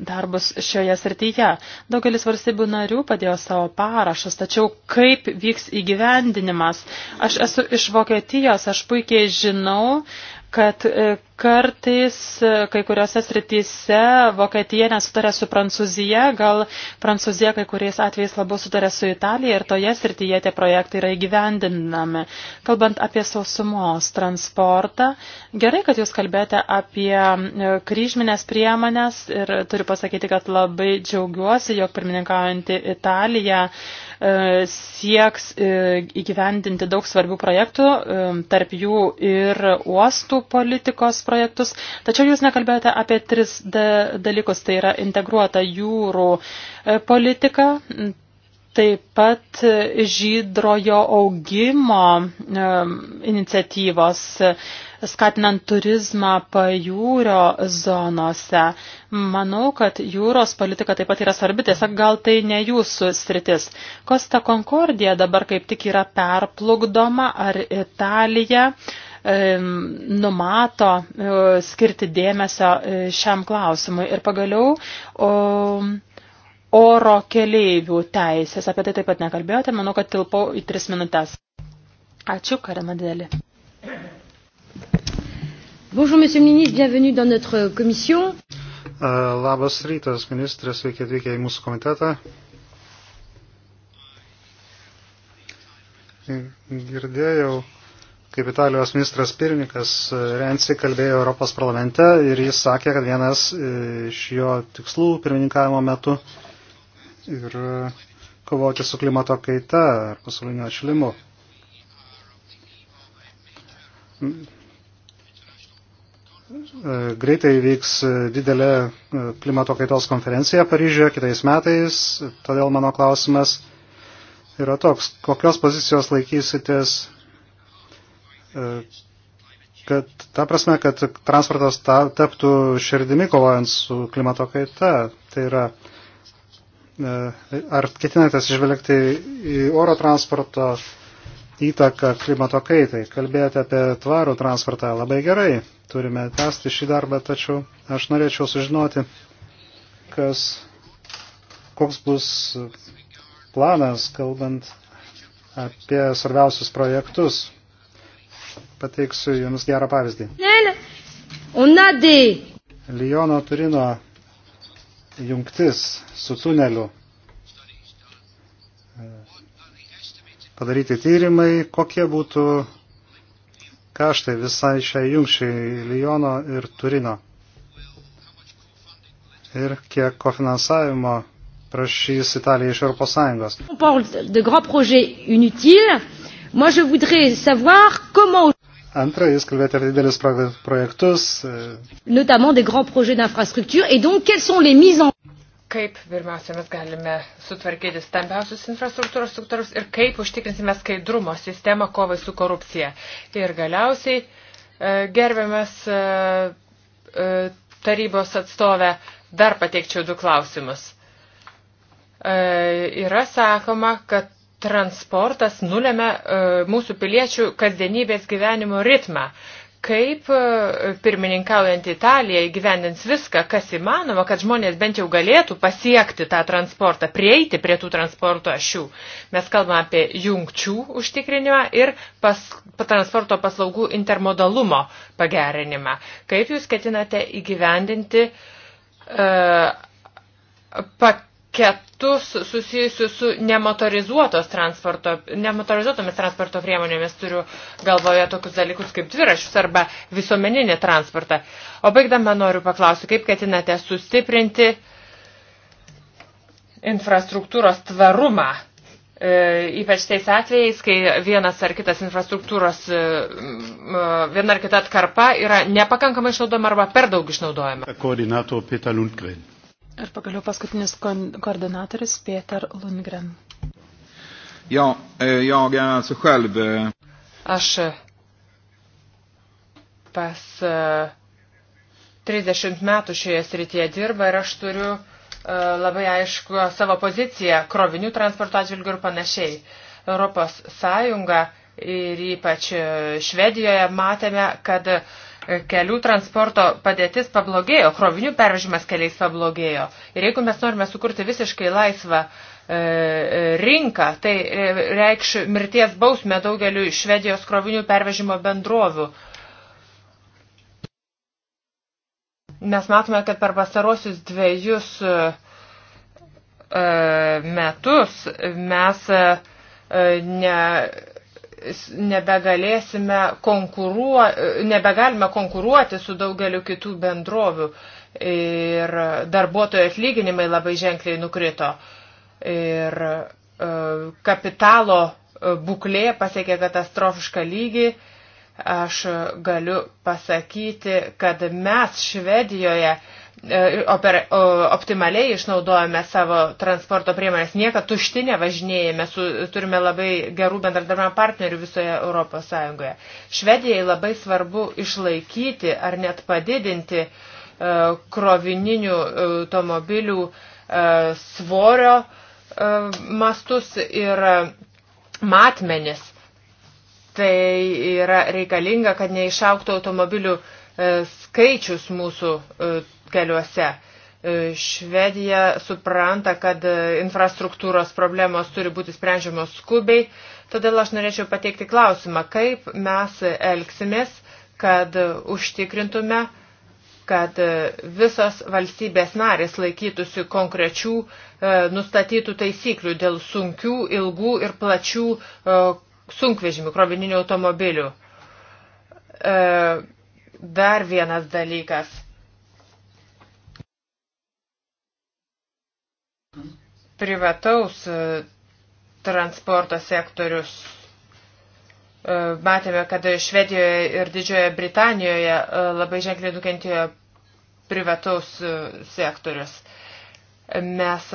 darbus šioje srityje. Daugelis valstybių narių padėjo savo parašus, tačiau kaip vyks įgyvendinimas. Aš esu iš Vokietijos, aš puikiai žinau, kad e, kartais e, kai kuriuose srityse Vokietija nesutarė su Prancūzija, gal Prancūzija kai kuriais atvejais labiau sutarė su Italija ir toje srityje tie projektai yra įgyvendinami. Kalbant apie sausumos transportą, gerai, kad jūs kalbėjote apie e, kryžminės priemonės ir turiu pasakyti, kad labai džiaugiuosi, jog pirmininkaujantį Italiją E, sieks e, įgyvendinti daug svarbių projektų, e, tarp jų ir uostų politikos projektus. Tačiau jūs nekalbėjote apie tris dalykus, tai yra integruota jūrų politika, taip pat žydrojo augimo iniciatyvos, skatinant turizmą pajūrio zonose. Manau, kad jūros politika taip pat yra svarbi, tiesiog gal tai ne jūsų sritis. Kosta Concordia dabar kaip tik yra perplukdoma, ar Italija e, numato e, skirti dėmesio e, šiam klausimui. Ir pagaliau. O, oro keleivių teisės. Apie tai taip pat nekalbėjote, manau, kad tilpau į tris minutės. Ačiū, Karina Dėlį. Bonjour, monsieur le ministre, bienvenue dans notre euh, commission. Euh, labas rytas, ministras, sveiki atvykę į mūsų komitetą. Girdėjau, kaip Italijos ministras pirmininkas e, Renci kalbėjo Europos parlamente ir jis sakė, kad vienas e, iš jo tikslų pirmininkavimo metu ir e, kovoti su klimato kaita ar pasaulinio atšilimu E, greitai vyks e, didelė e, klimato kaitos konferencija Paryžioje kitais metais, todėl mano klausimas yra toks, kokios pozicijos laikysitės, kad ta prasme, kad transportas ta, taptų širdimi kovojant su klimato kaita, tai yra, ar ketinatės išvelgti į oro transporto įtaką klimato kaitai. Kalbėjote apie tvarų transportą labai gerai. Turime tęsti šį darbą, tačiau aš norėčiau sužinoti, kas, koks bus planas, kalbant apie svarbiausius projektus. Pateiksiu Jums gerą pavyzdį. Liono Turino jungtis su tuneliu padaryti tyrimai, kokie būtų kaštai visai šiai jungčiai Lyono ir Turino. Ir kiek kofinansavimo prašys Italija iš Europos Sąjungos. Antra, jis kalbėti apie didelius projektus. E, Notamment des grands projets d'infrastructure. Et donc, quelles sont les mises en kaip pirmiausia mes galime sutvarkyti stambiausius infrastruktūros sektorius ir kaip užtikrinsime skaidrumo sistemą kovai su korupcija. Ir galiausiai e, gerbiamas e, e, tarybos atstovę dar pateikčiau du klausimus. Yra sakoma, kad transportas nulėmė mūsų piliečių kasdienybės gyvenimo ritmą kaip e, pirmininkaujant Italija įgyvendins viską, kas įmanoma, kad žmonės bent jau galėtų pasiekti tą transportą, prieiti prie tų transporto ašių. Mes kalbame apie jungčių užtikrinimą ir pas, transporto paslaugų intermodalumo pagerinimą. Kaip jūs ketinate įgyvendinti uh, pak, paketus susijusius su nemotorizuotos transporto, nemotorizuotomis transporto priemonėmis, turiu galvoje tokius dalykus kaip dviračius arba visuomeninį transportą. O baigdama noriu paklausti, kaip ketinate sustiprinti infrastruktūros tvarumą, e, ypač tais atvejais, kai vienas ar kitas infrastruktūros, e, e viena ar kita atkarpa yra nepakankamai išnaudojama arba per daug išnaudojama. Koordinator Peter Lundgren. Ir pagaliau paskutinis koordinatorius Peter Lundgren. Ja, eh, jag är alltså själv... Eh, aš eh, pas 30 metų šioje srityje dirba ir aš turiu labai aišku savo poziciją krovinių transporto atžvilgių ir panašiai. Europos Sąjunga ir ypač Švedijoje matėme, kad uh, kelių transporto padėtis pablogėjo, krovinių pervežimas keliais pablogėjo. Ir jeigu mes norime sukurti visiškai laisvą e, e rinką, tai e, reikš mirties bausmę daugeliu Švedijos krovinių pervežimo bendrovių. Mes matome, kad per pastarosius dviejus e, e metus mes e, ne nebegalėsime konkuruoti, nebegalime konkuruoti su daugeliu kitų bendrovių ir darbuotojų atlyginimai labai ženkliai nukrito ir e, kapitalo e, būklė pasiekė katastrofišką lygį. Aš galiu pasakyti, kad mes Švedijoje E, oper, optimaliai išnaudojame savo transporto priemonės. Niekad tušti nevažinėjame, su, turime labai gerų bendradarbiavimo partnerių visoje Europos Sąjungoje. Švedijai labai svarbu išlaikyti ar net padidinti e, krovininių automobilių e, svorio mastus ir matmenis. Tai yra reikalinga, kad neišauktų automobilių skaičius mūsų keliuose. E, Švedija supranta, kad e, infrastruktūros problemos turi būti sprendžiamos skubiai, todėl aš norėčiau pateikti klausimą, kaip mes elgsimės, kad užtikrintume, kad e, visos valstybės narės laikytųsi konkrečių e, nustatytų taisyklių dėl sunkių, ilgų ir plačių e, sunkvežimių, krovininių automobilių. E, dar vienas dalykas – privataus e, transporto sektorius. E, matėme, kad Švedijoje ir Didžioje Britanijoje e, labai ženkliai nukentėjo privataus sektorius. Mes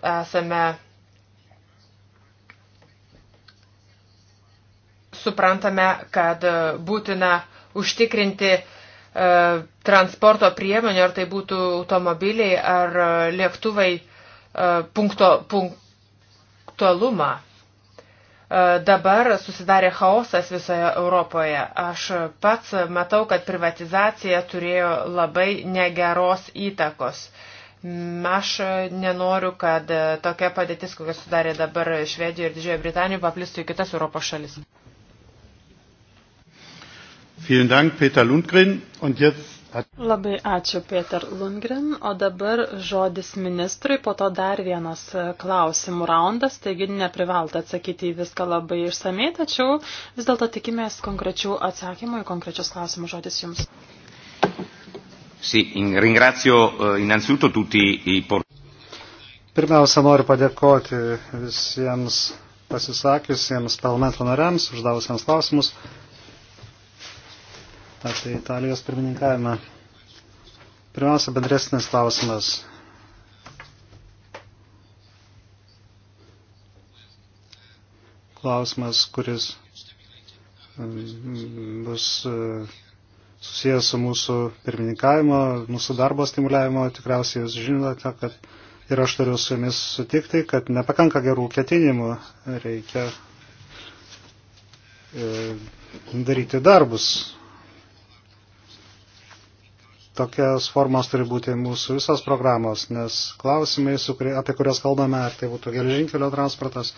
esame suprantame, kad būtina užtikrinti uh, E, transporto priemonių, ar tai būtų automobiliai ar e, lėktuvai e, punkto, punktualumą. Dabar susidarė chaosas visoje Europoje. Aš pats matau, kad privatizacija turėjo labai negeros įtakos. Aš nenoriu, kad tokia padėtis, kokia sudarė dabar Švedijoje ir Didžiojo Britanijoje, paplistų į kitas Europos šalis. Vielen Dank, Peter Lundgren. Und jetzt at... Labai ačiū, Peter Lundgren. O dabar žodis ministrui, po to dar vienas e, klausimų raundas, taigi neprivalta atsakyti į viską labai išsamei, tačiau vis dėlto tikimės konkrečių atsakymų į konkrečius klausimus žodis jums. Sì, in, ringrazio eh, innanzitutto tutti i Pirmiausia, noriu padėkoti visiems pasisakiusiems parlamento nariams, uždavusiems klausimus apie Italijos pirmininkavimą. Pirmiausia, bendresnis klausimas. Klausimas, kuris mm, bus e, susijęs su mūsų pirmininkavimo, mūsų darbo stimuliavimo. Tikriausiai jūs žinote, kad ir aš turiu su jumis sutikti, kad nepakanka gerų ketinimų, reikia e, daryti darbus tokios formos turi būti mūsų visos programos, nes klausimai, apie kurias kalbame, ar tai būtų geležinkelio transportas,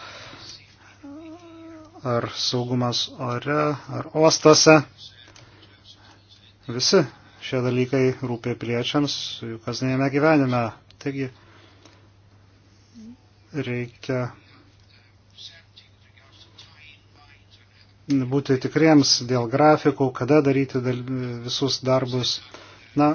ar saugumas ore, ar uostose, visi šie dalykai rūpė piliečiams jų kasdienėme gyvenime. Taigi reikia būti tikriems dėl grafikų, kada daryti dal, visus darbus. Na,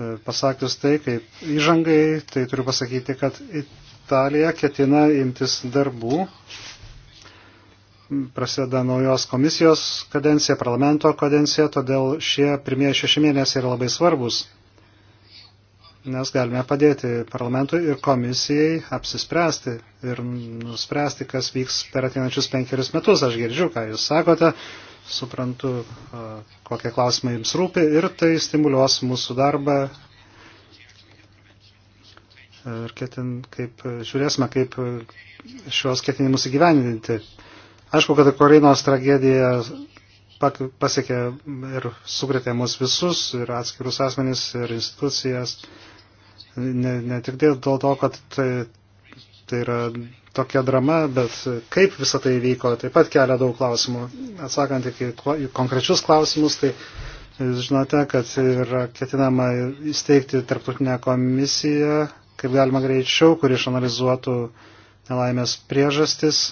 e, pasakius tai, kaip įžangai, tai turiu pasakyti, kad Italija ketina imtis darbų. Prasideda naujos komisijos kadencija, parlamento kadencija, todėl šie pirmieji šeši mėnesiai yra labai svarbus nes galime padėti parlamentui ir komisijai apsispręsti ir nuspręsti, kas vyks per ateinančius penkerius metus. Aš girdžiu, ką jūs sakote, suprantu, kokie klausimai jums rūpi ir tai stimuliuos mūsų darbą. Ir ketin, kaip, žiūrėsime, kaip šios ketinimus įgyvendinti. Aišku, kad Korinos tragedija pasiekė ir sukrėtė mus visus, ir atskirus asmenys, ir institucijas. Ne, ne tik dėl to, kad tai, tai yra tokia drama, bet kaip visą tai vyko, taip pat kelia daug klausimų. Atsakant į konkrečius klausimus, tai jūs žinote, kad yra ketinama įsteigti tarptautinę komisiją, kaip galima greičiau, kuri išanalizuotų nelaimės priežastis.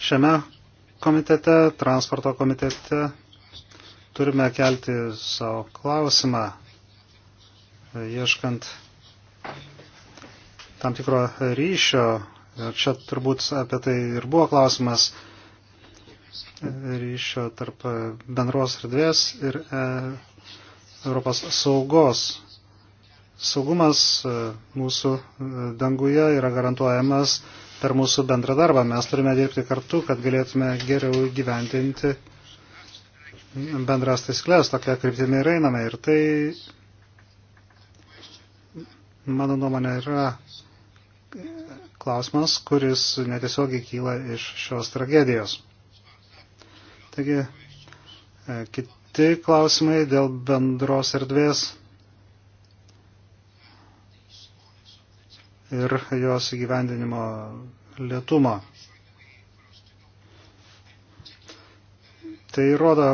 Šiame komitete, transporto komitete, turime kelti savo klausimą ieškant tam tikro ryšio. Ir čia turbūt apie tai ir buvo klausimas ryšio tarp bendros erdvės ir e, Europos saugos. Saugumas e, mūsų e, danguje yra garantuojamas per mūsų bendrą darbą. Mes turime dirbti kartu, kad galėtume geriau gyventinti bendras taisyklės, tokia kryptimi ir einame. Ir tai mano nuomonė, yra klausimas, kuris netiesiogiai kyla iš šios tragedijos. Taigi, e, kiti klausimai dėl bendros erdvės ir jos įgyvendinimo lietumo. Tai rodo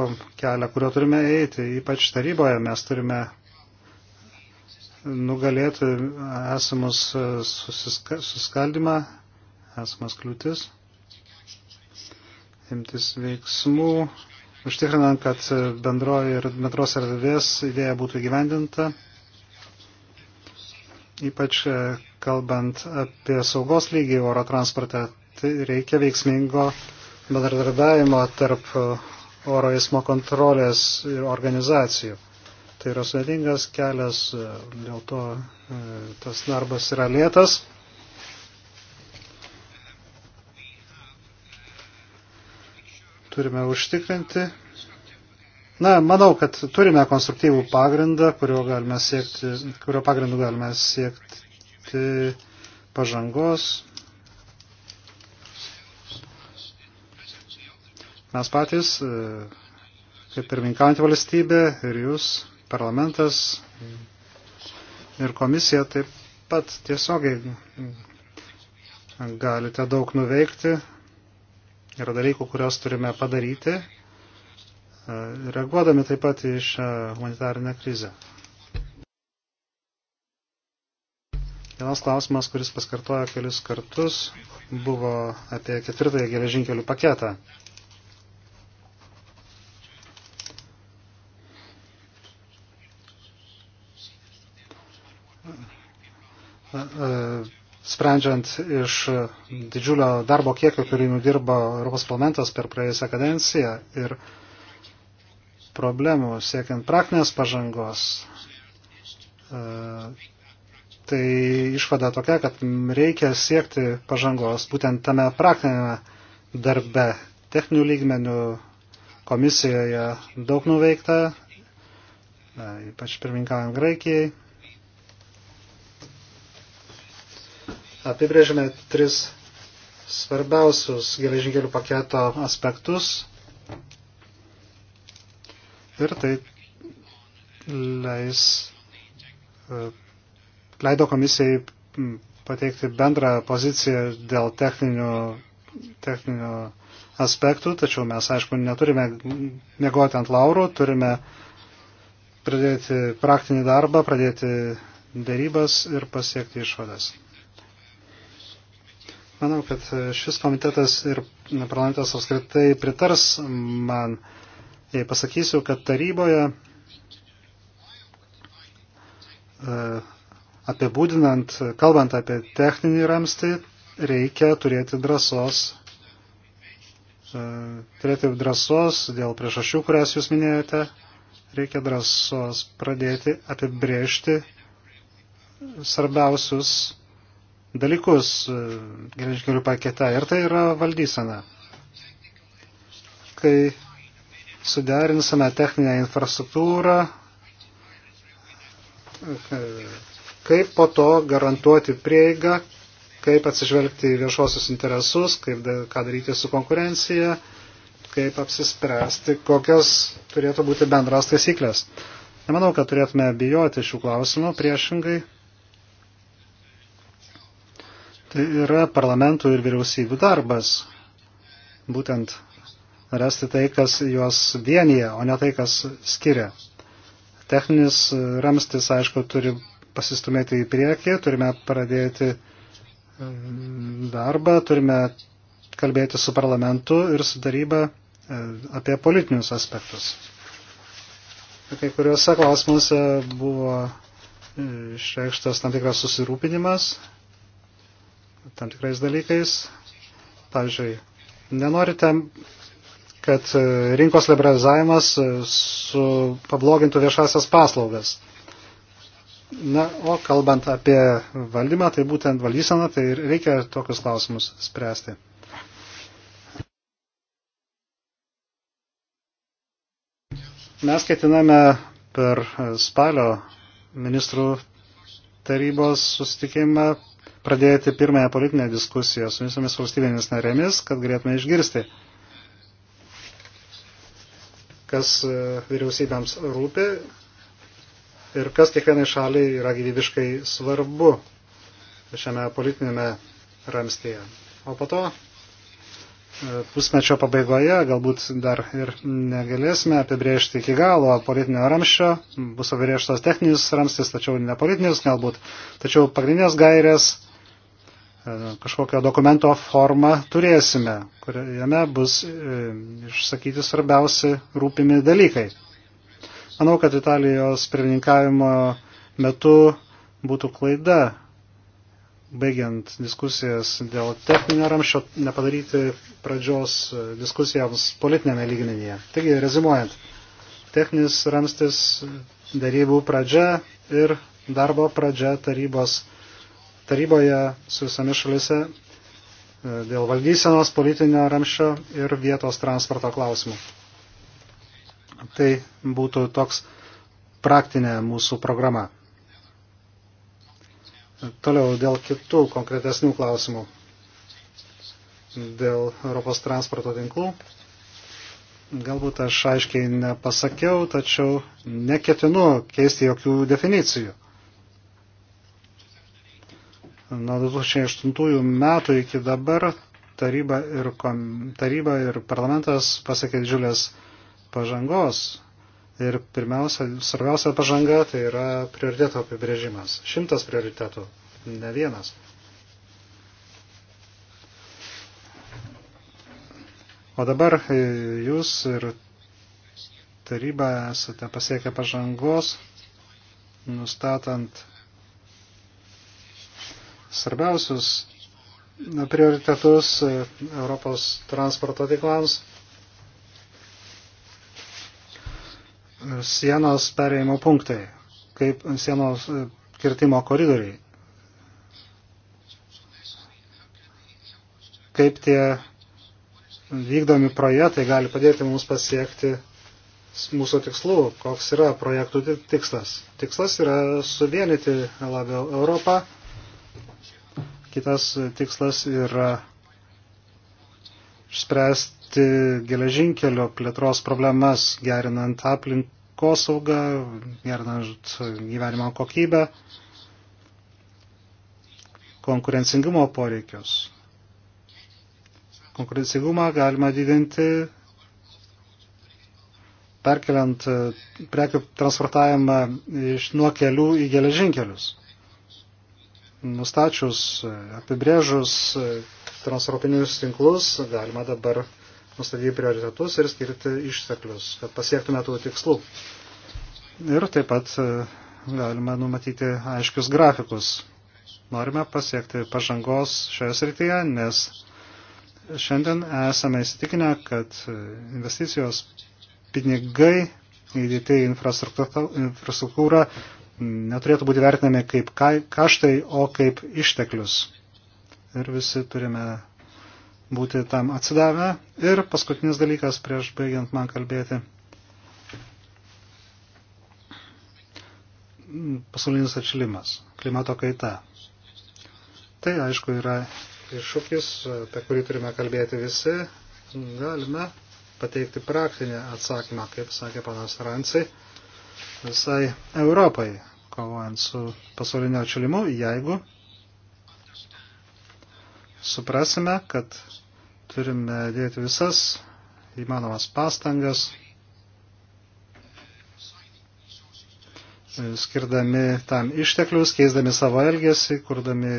kelią, kurio turime eiti, ypač taryboje mes turime nugalėti esamus e, susiskaldimą, esamas kliūtis, imtis veiksmų, užtikrinant, kad bendroji ir metros erdvės idėja būtų gyvendinta, ypač e, kalbant apie saugos lygį oro transporte, tai reikia veiksmingo bendradarbiavimo tarp e, oro eismo kontrolės ir organizacijų. Tai yra sudėtingas kelias, e, dėl to e, tas darbas yra lėtas. Turime užtikrinti. Na, manau, kad turime konstruktyvų pagrindą, kurio, galime siekti, kurio pagrindu galime siekti pažangos. Mes patys, e, kaip pirminkant valstybė ir jūs parlamentas ir komisija taip pat tiesiogiai galite daug nuveikti. Yra dalykų, kuriuos turime padaryti, reaguodami taip pat į šią humanitarinę krizę. Vienas klausimas, kuris paskartojo kelis kartus, buvo apie ketvirtąją geležinkelių paketą. E, sprendžiant iš didžiulio darbo kiekio, kurį nudirbo Europos parlamentas per praėjusią kadenciją ir problemų siekiant praktinės pažangos, e, tai išvada tokia, kad reikia siekti pažangos būtent tame praktinėme darbe, techninių lygmenių komisijoje daug nuveikta, e, ypač pirmininkaujant Graikijai. apibrėžėme tris svarbiausius geležinkelių paketo aspektus ir tai leis, e, leido komisijai pateikti bendrą poziciją dėl techninių, techninių aspektų, tačiau mes, aišku, neturime mėgoti ant laurų, turime pradėti praktinį darbą, pradėti dėrybas ir pasiekti išvadas. Manau, kad šis komitetas ir parlamentas apskritai pritars man, jei pasakysiu, kad taryboje e, apibūdinant, kalbant apie techninį ramstį, reikia turėti drąsos, e, turėti drąsos dėl priešašių, kurias jūs minėjote, reikia drąsos pradėti apibrėžti svarbiausius dalykus e, geležinkelių pakete ir tai yra valdysena. Kai suderinsime techninę infrastruktūrą, e, kaip po to garantuoti prieigą, kaip atsižvelgti į viešuosius interesus, kaip da, ką daryti su konkurencija, kaip apsispręsti, kokios turėtų būti bendros taisyklės. Nemanau, kad turėtume bijoti šių klausimų priešingai Tai yra parlamentų ir vyriausybių darbas. Būtent rasti tai, kas juos vienyje, o ne tai, kas skiria. Techninis ramstis, aišku, turi pasistumėti į priekį, turime pradėti mm, darbą, turime kalbėti su parlamentu ir su taryba e, apie politinius aspektus. Kai kuriuose klausimuose buvo e, išreikštas tam tikras susirūpinimas tam tikrais dalykais. Pavyzdžiui, nenorite, kad e, rinkos liberalizavimas e, pablogintų viešasias paslaugas. Na, o kalbant apie valdymą, tai būtent valdyseną, tai reikia tokius klausimus spręsti. Mes ketiname per e, spalio ministrų tarybos susitikimą pradėti pirmąją politinę diskusiją su visomis valstybėmis narėmis, kad galėtume išgirsti, kas e, vyriausybėms rūpi ir kas kiekvienai šaliai yra gyvybiškai svarbu šiame politinėme ramstyje. O po to e, pusmečio pabaigoje galbūt dar ir negalėsime apibriežti iki galo politinio ramščio, bus apibriežtas techninis ramstis, tačiau ne politinis galbūt, tačiau pagrindinės gairės E, kažkokio dokumento formą turėsime, kuriame bus e, išsakyti svarbiausi rūpimi dalykai. Manau, kad Italijos pirmininkavimo metu būtų klaida, baigiant diskusijas dėl techninio ramščio, nepadaryti pradžios diskusijams politinėme lygmenyje. Taigi, rezimuojant, techninis ramstis darybų pradžia ir darbo pradžia tarybos taryboje su visomis šalise e, dėl valdysenos, politinio ramščio ir vietos transporto klausimų. Tai būtų toks praktinė mūsų programa. Toliau dėl kitų konkretesnių klausimų. Dėl Europos transporto tinklų. Galbūt aš aiškiai nepasakiau, tačiau neketinu keisti jokių definicijų. Nuo 2008 metų iki dabar taryba ir, kom, taryba ir parlamentas pasiekė didžiulės pažangos. Ir pirmiausia, svarbiausia pažanga tai yra prioriteto apibrėžimas. Šimtas prioritetų, ne vienas. O dabar e, jūs ir taryba esate pasiekę pažangos, nustatant svarbiausius prioritetus e, Europos transporto tiklams. E, sienos perėjimo punktai, kaip sienos e, kirtimo koridoriai. Kaip tie vykdomi projektai gali padėti mums pasiekti mūsų tikslų, koks yra projektų tikslas. Tikslas yra suvienyti labiau Europą Kitas tikslas yra spręsti geležinkelio plėtros problemas, gerinant aplinkosaugą, gerinant gyvenimo kokybę, konkurencingumo poreikius. Konkurencingumą galima didinti perkeliant prekių transportavimą iš nuo kelių į geležinkelius nustačius, apibrėžus transeuropinius tinklus, galima dabar nustatyti prioritetus ir skirti išteklius, kad pasiektume tų tikslų. Ir taip pat e, galima numatyti aiškius grafikus. Norime pasiekti pažangos šioje srityje, nes šiandien esame įsitikinę, kad investicijos pinigai įdėti į infrastruktūrą neturėtų būti vertinami kaip kaštai, o kaip išteklius. Ir visi turime būti tam atsidavę. Ir paskutinis dalykas, prieš baigiant man kalbėti. Pasaulinis atšilimas, klimato kaita. Tai aišku yra iššūkis, apie kurį turime kalbėti visi. Galime pateikti praktinį atsakymą, kaip sakė panas Rancai visai Europai, kovojant su pasaulinio atšilimu, jeigu suprasime, kad turime dėti visas įmanomas pastangas, skirdami tam išteklius, keisdami savo elgesį, kurdami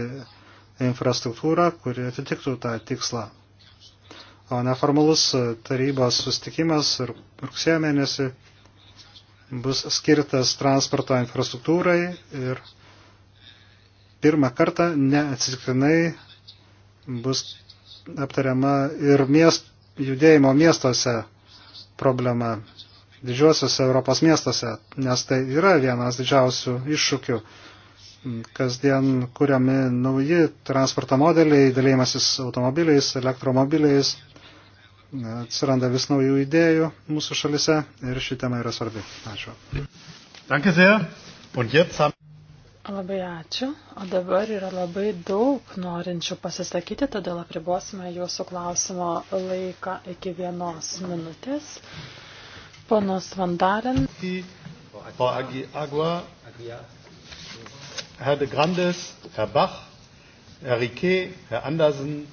infrastruktūrą, kuri atitiktų tą tikslą. O neformalus tarybos sustikimas ir rugsėjo mėnesį bus skirtas transporto infrastruktūrai ir pirmą kartą neatsitiktinai bus aptariama ir miest, judėjimo miestuose problema, didžiuosiuose Europos miestuose, nes tai yra vienas didžiausių iššūkių. Kasdien kuriami nauji transporto modeliai, dalėjimasis automobiliais, elektromobiliais, atsiranda vis naujų idėjų mūsų šalise ir ši tema yra svarbi. Ačiū. Danke sehr. Und jetzt haben... Labai ačiū. O dabar yra labai daug norinčių pasisakyti, todėl apribosime jūsų klausimo laiką iki vienos minutės. Ponas Vandaren. Frau Agua, Herr de Grandes, Herr Bach, Herr Riquet, Herr Andersen,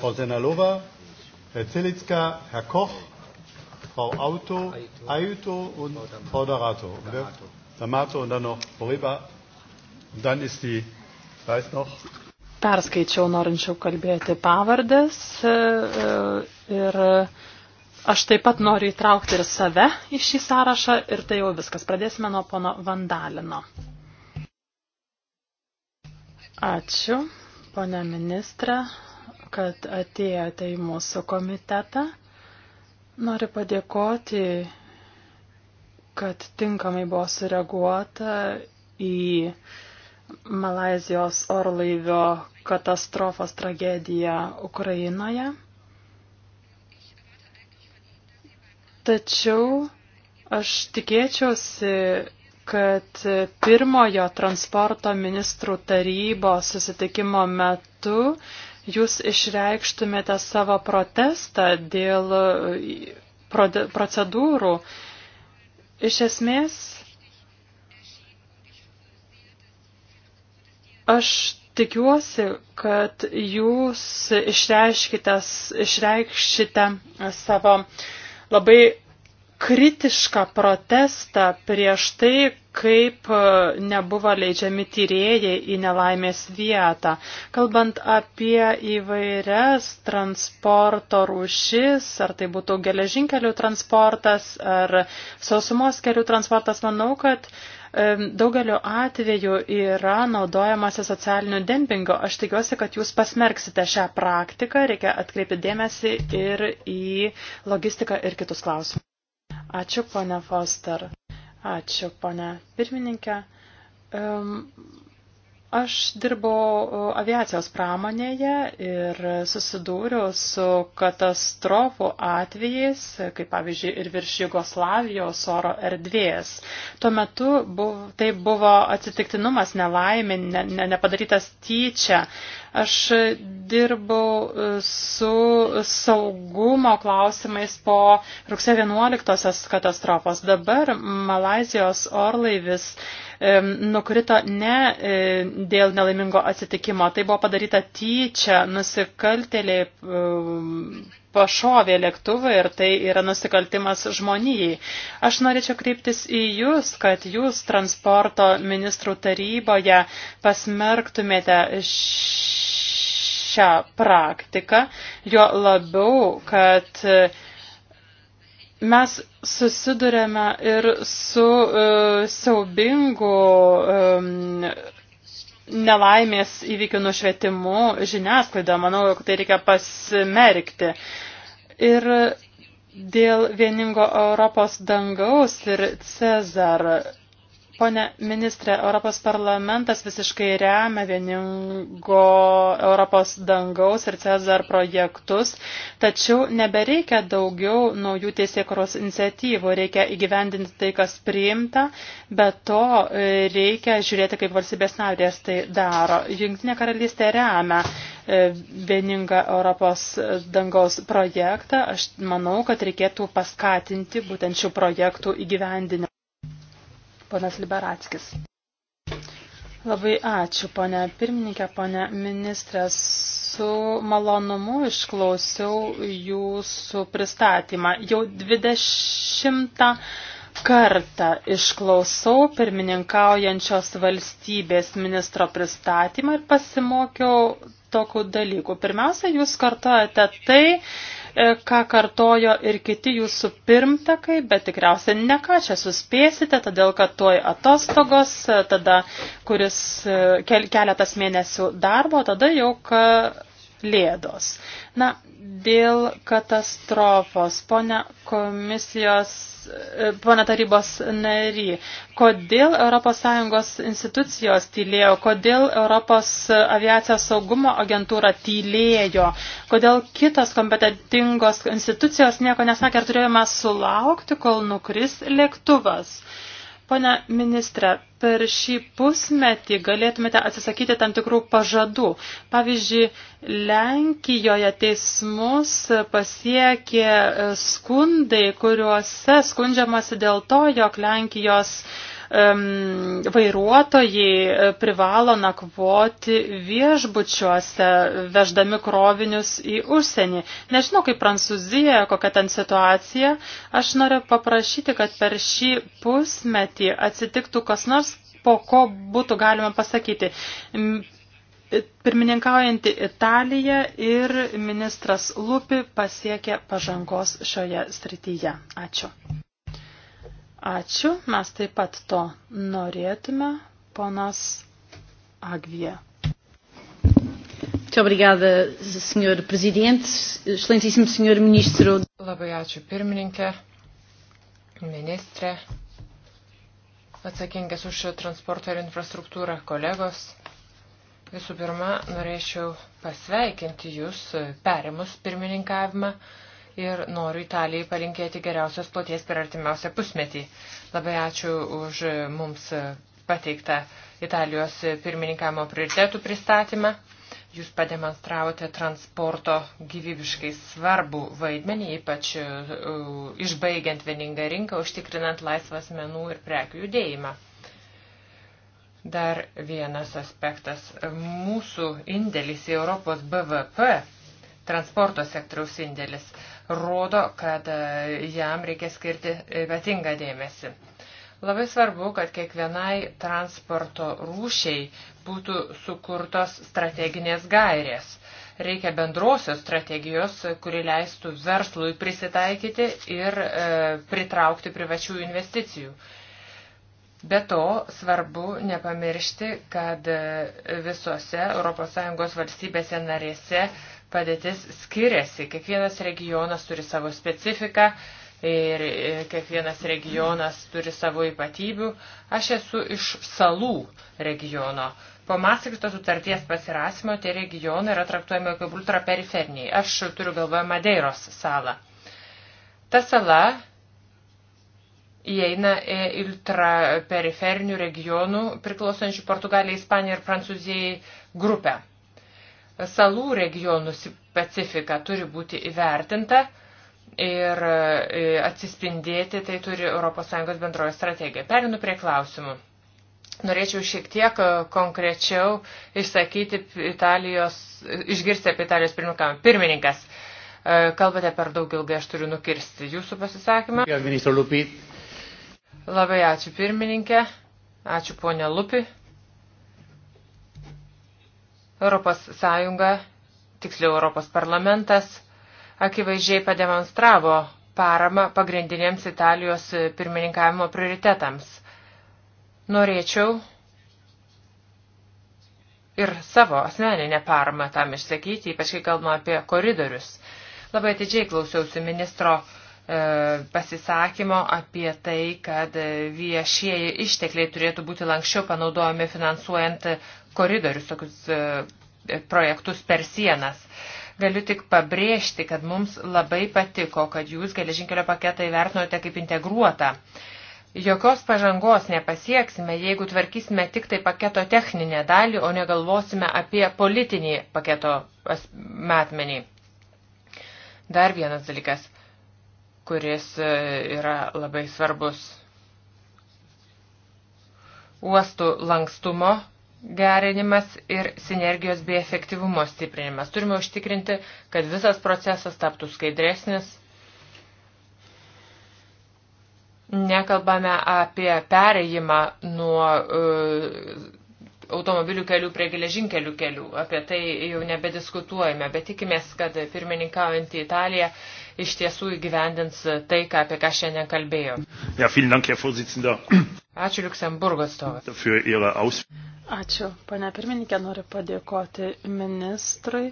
Frau Senalova. Herr Zelitzka, Herr Koch, Frau Auto, Aiuto und Frau D'Amato. D'Amato und dann noch Poriba. Und dann ist die, weiß noch. Perskaičiau norinčiau kalbėti pavardės e, e, ir e, aš taip pat noriu įtraukti ir save į šį sąrašą ir tai jau viskas. Pradėsime nuo pono Vandalino. Ačiū, pone ministrė, kad atėjote į mūsų komitetą. Noriu padėkoti, kad tinkamai buvo sureaguota į Malazijos orlaivio katastrofos tragediją Ukrainoje. Tačiau aš tikėčiausi, kad pirmojo transporto ministrų tarybos susitikimo metu jūs išreikštumėte savo protestą dėl e, procedūrų. Iš esmės, aš tikiuosi, kad jūs išreikšite savo labai kritišką protestą prieš tai, kaip e, nebuvo leidžiami tyrėjai į nelaimės vietą. Kalbant apie įvairias transporto rūšis, ar tai būtų geležinkelių transportas, ar sausumos kelių transportas, manau, kad e, daugeliu atveju yra naudojamasi socialiniu dempingu. Aš tikiuosi, kad jūs pasmerksite šią praktiką, reikia atkreipti dėmesį ir į logistiką ir kitus klausimus. Ačiū, ponia Foster. Ačiū, ponia pirmininkė. Aš dirbau e, aviacijos pramonėje ir susidūriau su katastrofų atvejais, kaip pavyzdžiui ir virš Jugoslavijos oro erdvės. Tuo metu buv, tai buvo atsitiktinumas nelaimė, ne, ne, nepadarytas tyčia, Aš dirbau e, su saugumo klausimais po rugsėjo 11-osios katastrofos. Dabar Malazijos orlaivis e, nukrito ne e, dėl nelaimingo atsitikimo. Tai buvo padaryta tyčia, nusikaltėliai pašovė lėktuvą ir tai yra nusikaltimas žmonijai. Aš norėčiau kreiptis į Jūs, kad Jūs transporto ministrų taryboje pasmerktumėte šį šią praktiką, jo labiau, kad e, mes susidurėme ir su uh, siaubingu um, nelaimės įvykių nušvietimu žiniasklaida. Manau, kad tai reikia pasmerkti. Ir dėl vieningo Europos dangaus ir Cezar Pone ministrė, Europos parlamentas visiškai remia vieningo Europos dangaus ir Cezar projektus, tačiau nebereikia daugiau naujų teisėkuros iniciatyvų, reikia įgyvendinti tai, kas priimta, bet to reikia žiūrėti, kaip valstybės narės tai daro. Junktinė karalystė remia e, vieningą Europos dangaus projektą. Aš manau, kad reikėtų paskatinti būtent šių projektų įgyvendinimą. Ponas Liberatskis. Labai ačiū, ponė pirmininkė, ponė ministrė. Su malonumu išklausiau jūsų pristatymą. Jau 20 kartą išklausau pirmininkaujančios valstybės ministro pristatymą ir pasimokiau tokių dalykų. Pirmiausia, jūs kartojate tai, E, ką kartojo ir kiti jūsų pirmtakai, bet tikriausiai ne ką čia suspėsite, todėl kad tuoj atostogos, e, tada kuris e, keletas mėnesių darbo, tada jau ka, lėdos. Na, dėl katastrofos, ponia komisijos, e, ponia tarybos nary, kodėl ES institucijos tylėjo, kodėl ES aviacijos saugumo agentūra tylėjo, kodėl kitos kompetentingos institucijos nieko nesakė, ar turėjome sulaukti, kol nukris lėktuvas. Uh, Pone ministre, per šį pusmetį galėtumėte atsisakyti tam tikrų pažadų. Pavyzdžiui, Lenkijoje teismus pasiekė skundai, kuriuose skundžiamasi dėl to, jog Lenkijos uh, um, vairuotojai e, privalo nakvoti viešbučiuose, veždami krovinius į užsienį. Nežinau, kaip Prancūzija, kokia ten situacija. Aš noriu paprašyti, kad per šį pusmetį atsitiktų kas nors, po ko būtų galima pasakyti. Pirmininkaujanti Italija ir ministras Lupi pasiekė pažangos šioje srityje. Ačiū. Ačiū, mes taip pat to norėtume, ponas Agvija. Muito obrigada, Sr. Presidente. Excelentíssimo Sr. Ministro. Labai ačiū pirmininkė, ministrė, atsakingas už transporto ir infrastruktūrą kolegos. Visų pirma, norėčiau pasveikinti Jūs perimus pirmininkavimą ir noriu Italijai palinkėti geriausios ploties per artimiausią pusmetį. Labai ačiū už mums pateiktą Italijos pirmininkamo prioritetų pristatymą. Jūs pademonstravote transporto gyvybiškai svarbų vaidmenį, ypač e, išbaigiant vieningą rinką, užtikrinant laisvas menų ir prekių judėjimą. Dar vienas aspektas. Mūsų indėlis į Europos BVP, transporto sektoriaus indėlis, rodo, kad e, jam reikia skirti ypatingą dėmesį. Labai svarbu, kad kiekvienai transporto rūšiai būtų sukurtos strateginės gairės. Reikia bendrosios strategijos, kuri leistų verslui prisitaikyti ir e, pritraukti privačių investicijų. Be to, svarbu nepamiršti, kad e, visose ES valstybėse narėse padėtis skiriasi. Kiekvienas regionas turi savo specifiką ir e, kiekvienas regionas turi savo ypatybių. Aš esu iš salų regiono. Po Mastrichto sutarties pasirasimo tie regionai yra traktuojami kaip ultraperiferiniai. Aš turiu galvoje Madeiros salą. Ta sala įeina į ultraperiferinių regionų priklausančių Portugalijai, Ispanijai ir Prancūzijai grupę salų regionų specifika turi būti įvertinta ir e, atsispindėti, tai turi ES bendroji strategija. Perinu prie klausimų. Norėčiau šiek tiek e, konkrečiau išsakyti Italijos, išgirsti apie Italijos pirmininką. Pirmininkas, e, kalbate per daug ilgai, aš turiu nukirsti jūsų pasisakymą. Labai ačiū pirmininkė, ačiū ponė Lupi. Europos Sąjunga, tiksliau Europos parlamentas, akivaizdžiai pademonstravo paramą pagrindinėms Italijos pirmininkavimo prioritetams. Norėčiau ir savo asmeninę paramą tam išsakyti, ypač kai kalbama apie koridorius. Labai atidžiai klausiausi ministro E, pasisakymo apie tai, kad viešieji ištekliai turėtų būti lankščiau panaudojami finansuojant koridorius, tokius e, projektus per sienas. Galiu tik pabrėžti, kad mums labai patiko, kad jūs geležinkelio paketą įvertinote kaip integruotą. Jokios pažangos nepasieksime, jeigu tvarkysime tik tai paketo techninę dalį, o negalvosime apie politinį paketo metmenį. Dar vienas dalykas kuris e, yra labai svarbus. Uostų lankstumo gerinimas ir sinergijos bei efektyvumo stiprinimas. Turime užtikrinti, kad visas procesas taptų skaidresnis. Nekalbame apie pereimą nuo uh, automobilių kelių prie geležinkelių kelių. Apie tai jau nebediskutuojame, bet tikimės, kad pirmininkaujantį Italiją uh, iš tiesų įgyvendins tai, ką, apie ką šiandien kalbėjau. Ja, Dank, Ačiū Luksemburgo atstovas. Ačiū, pane pirmininkė, noriu padėkoti ministrui.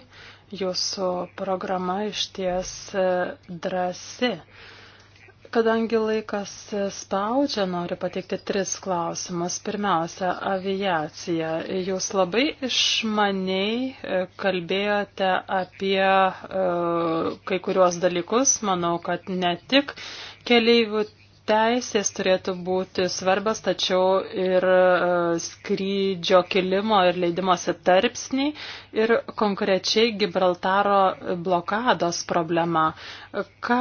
Jūsų programa iš ties drasi. Kadangi laikas spaudžia, noriu pateikti tris klausimus. Pirmiausia, aviacija. Jūs labai išmaniai e, kalbėjote apie e, kai kuriuos dalykus. Manau, kad ne tik keleivių teisės turėtų būti svarbios, tačiau ir e, skrydžio kilimo ir leidimosi tarpsniai ir konkrečiai Gibraltaro blokados problema. Ką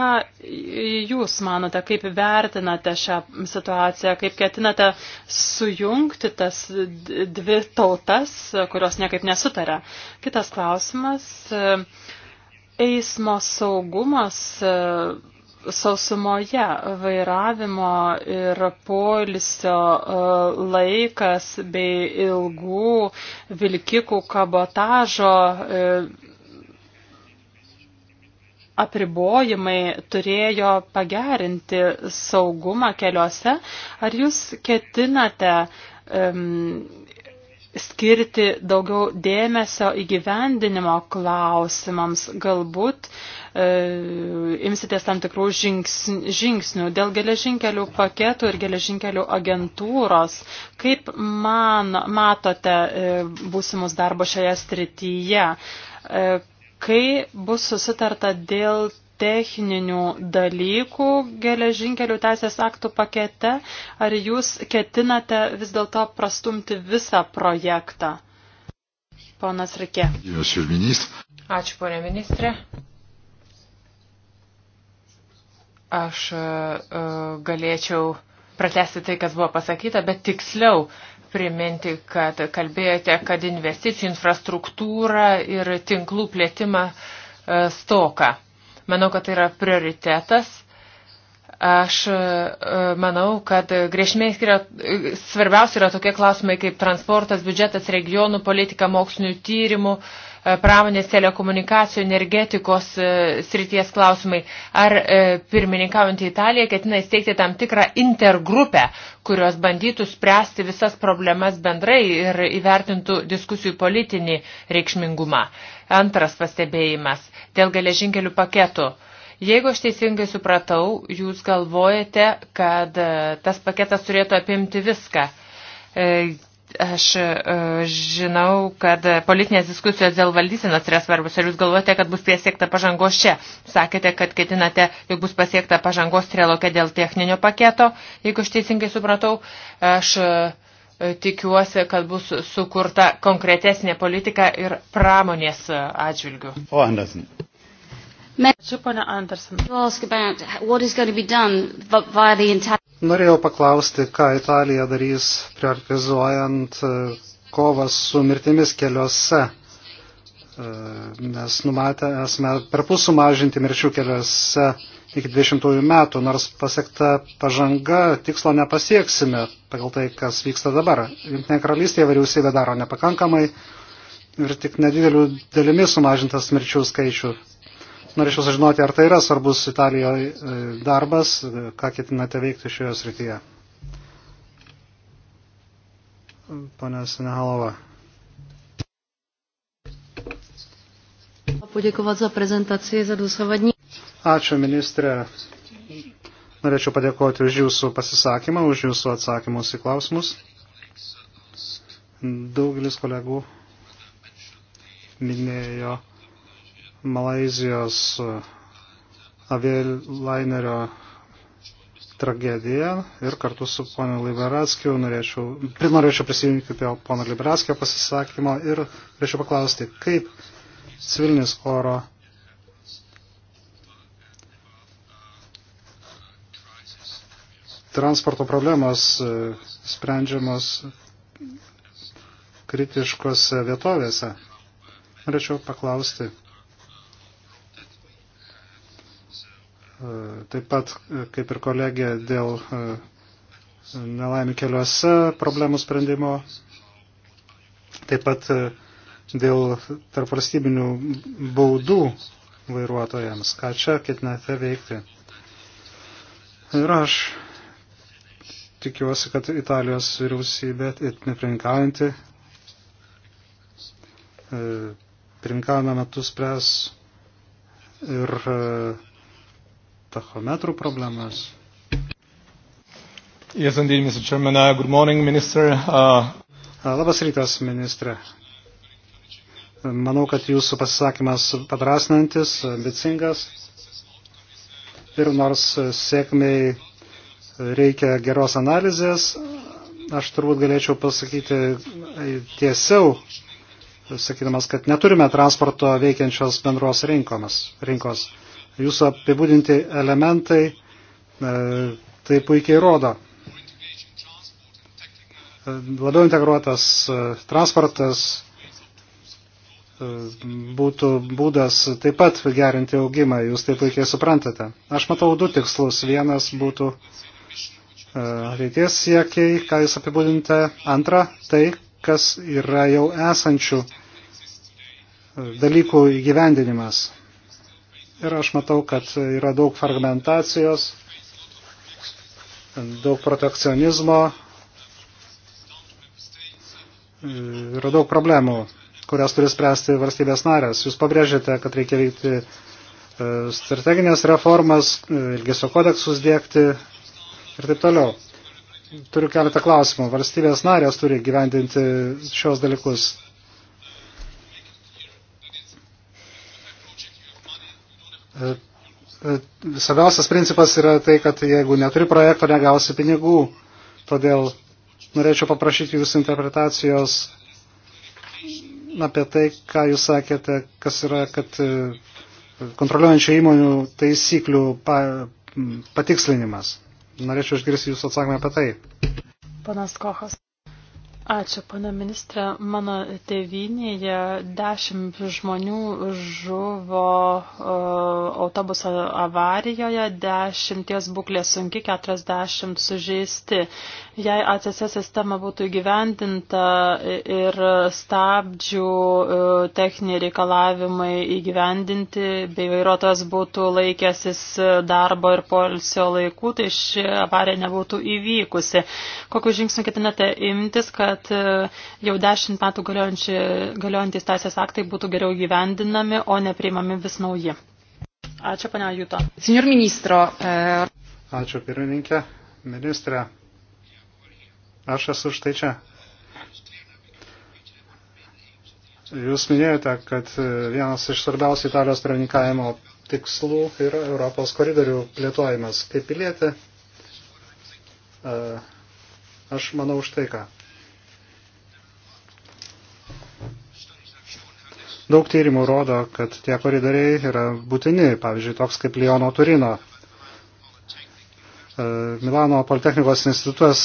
jūs manote, kaip vertinate šią situaciją, kaip ketinate sujungti tas dvi tautas, kurios niekaip nesutarė? Kitas klausimas. E, eismo saugumas e, sausumoje vairavimo ir polisio e, laikas bei ilgų vilkikų kabotažo e, apribojimai turėjo pagerinti saugumą keliuose. Ar jūs ketinate um, skirti daugiau dėmesio įgyvendinimo klausimams, galbūt e, imsitės tam tikrų žingsnių dėl geležinkelių paketų ir geležinkelių agentūros. Kaip man matote e, būsimus darbo šioje srityje? E, kai bus susitarta dėl techninių dalykų geležinkelių teisės aktų pakete, ar jūs ketinate vis dėlto prastumti visą projektą? Ponas Rikė. Ačiū, ponė ministrė. Aš uh, galėčiau pratesti tai, kas buvo pasakyta, bet tiksliau priminti, kad kalbėjote, kad investicijų infrastruktūra ir tinklų plėtima e, stoka. Manau, kad tai yra prioritetas. Aš e, manau, kad grėsmė skiria, svarbiausia yra tokie klausimai kaip transportas, biudžetas, regionų politika, mokslinių tyrimų, e, pramonės, telekomunikacijų, energetikos e, srities klausimai. Ar pirmininkaujant į Italiją ketina įsteigti tam tikrą intergrupę, kurios bandytų spręsti visas problemas bendrai ir įvertintų diskusijų politinį reikšmingumą. Antras pastebėjimas dėl geležinkelių paketų. Jeigu aš teisingai supratau, jūs galvojate, kad e, tas paketas turėtų apimti viską. E, aš e, žinau, kad politinės diskusijos dėl valdysenos yra svarbus ir jūs galvojate, kad bus pasiekta pažangos čia. Sakėte, kad ketinate, jog bus pasiekta pažangos trilokė dėl techninio paketo, jeigu aš teisingai supratau. Aš uh, E, tikiuosi, kad bus sukurta konkretesnė politika ir pramonės e, atžvilgių. O Andersen. Ačiū, ponia Andersen. Norėjau paklausti, ką Italija darys prioritizuojant e, kovas su mirtimis keliuose, nes numatę esame per pusų mažinti mirčių keliuose iki 20 metų, nors pasiekta pažanga tikslo nepasieksime pagal tai, kas vyksta dabar. Junktinė karalystėje vyriausybė daro nepakankamai ir tik nedidelių dalimi sumažintas mirčių skaičių. Norėčiau sužinoti, ar tai yra svarbus Italijoje e, darbas, e, ką ketinate veikti šioje srityje. Pane Senehalova. Poděkovat za prezentaci, za dosavadní Ačiū, ministrė. Norėčiau padėkoti už jūsų pasisakymą, už jūsų atsakymus į klausimus. Daugelis kolegų minėjo Malazijos uh, avialainerio tragediją ir kartu su ponu Liberatskiu norėčiau, norėčiau prisijungti prie pono Liberatskio pasisakymo ir norėčiau paklausti, kaip civilinis oro transporto problemos e, sprendžiamos kritiškose vietovėse. Norėčiau paklausti. E, taip pat, e, kaip ir kolegė, dėl nelaimių keliuose problemų sprendimo, taip pat dėl tarpvalstybinių baudų vairuotojams. Ką čia ketinate veikti? Ir aš tikiuosi, kad Italijos vyriausybė, neprinkaujanti, e, prinkavimo metu spręs ir e, tachometrų problemas. Yes, indeed, Mr. Chairman. Uh, good morning, Minister. Uh... Labas rytas, ministrė. Manau, kad jūsų pasisakymas padrasnantis, ambicingas. Ir nors sėkmiai reikia geros analizės. Aš turbūt galėčiau pasakyti e, tiesiau, sakydamas, kad neturime transporto veikiančios bendros rinkomas, rinkos. Jūsų apibūdinti elementai e, tai puikiai rodo. E, labiau integruotas transportas būtų būdas taip pat gerinti augimą, jūs tai puikiai suprantate. Aš matau du tikslus. Vienas būtų uh, E, ateities siekiai, ką jūs apibūdinte. Antra, tai, kas yra jau esančių e, dalykų įgyvendinimas. Ir aš matau, kad yra daug fragmentacijos, daug protekcionizmo, e, yra daug problemų, kurias turi spręsti valstybės narės. Jūs pabrėžėte, kad reikia veikti strateginės reformas, ilgesio kodeksus dėkti, ir taip toliau. Turiu keletą klausimų. Valstybės narės turi gyvendinti šios dalykus. Svarbiausias principas yra tai, kad jeigu neturi projekto, negausi pinigų. Todėl norėčiau paprašyti jūsų interpretacijos apie tai, ką jūs sakėte, kas yra, kad e, kontroliuojančių įmonių taisyklių patikslinimas norėčiau išgirsti jūsų atsakymą apie tai. Panas Kochas. Ačiū, pana ministrė. Mano tėvynėje dešimt žmonių žuvo uh, autobuso avarijoje, dešimties būklė sunki, keturiasdešimt sužeisti. Jei ACS sistema būtų įgyvendinta ir stabdžių e, techniniai reikalavimai įgyvendinti, bei vairuotojas būtų laikęsis darbo ir polsio laikų, tai ši avarija nebūtų įvykusi. Kokiu žingsniu ketinate imtis, kad e, jau dešimt metų galiojantys teisės aktai būtų geriau gyvendinami, o nepriimami vis nauji? Ačiū, ponia Juto. Signor ministro. E... Ačiū, pirmininkė. Ministrė, Aš esu štai čia. Jūs minėjote, kad vienas iš svarbiausių Italijos pirmininkavimo tikslų yra Europos koridorių plėtojimas. Kaip pilietė, aš manau už tai ką. Daug tyrimų rodo, kad tie koridoriai yra būtini, pavyzdžiui, toks kaip Liono Turino. Milano Politechnikos institutas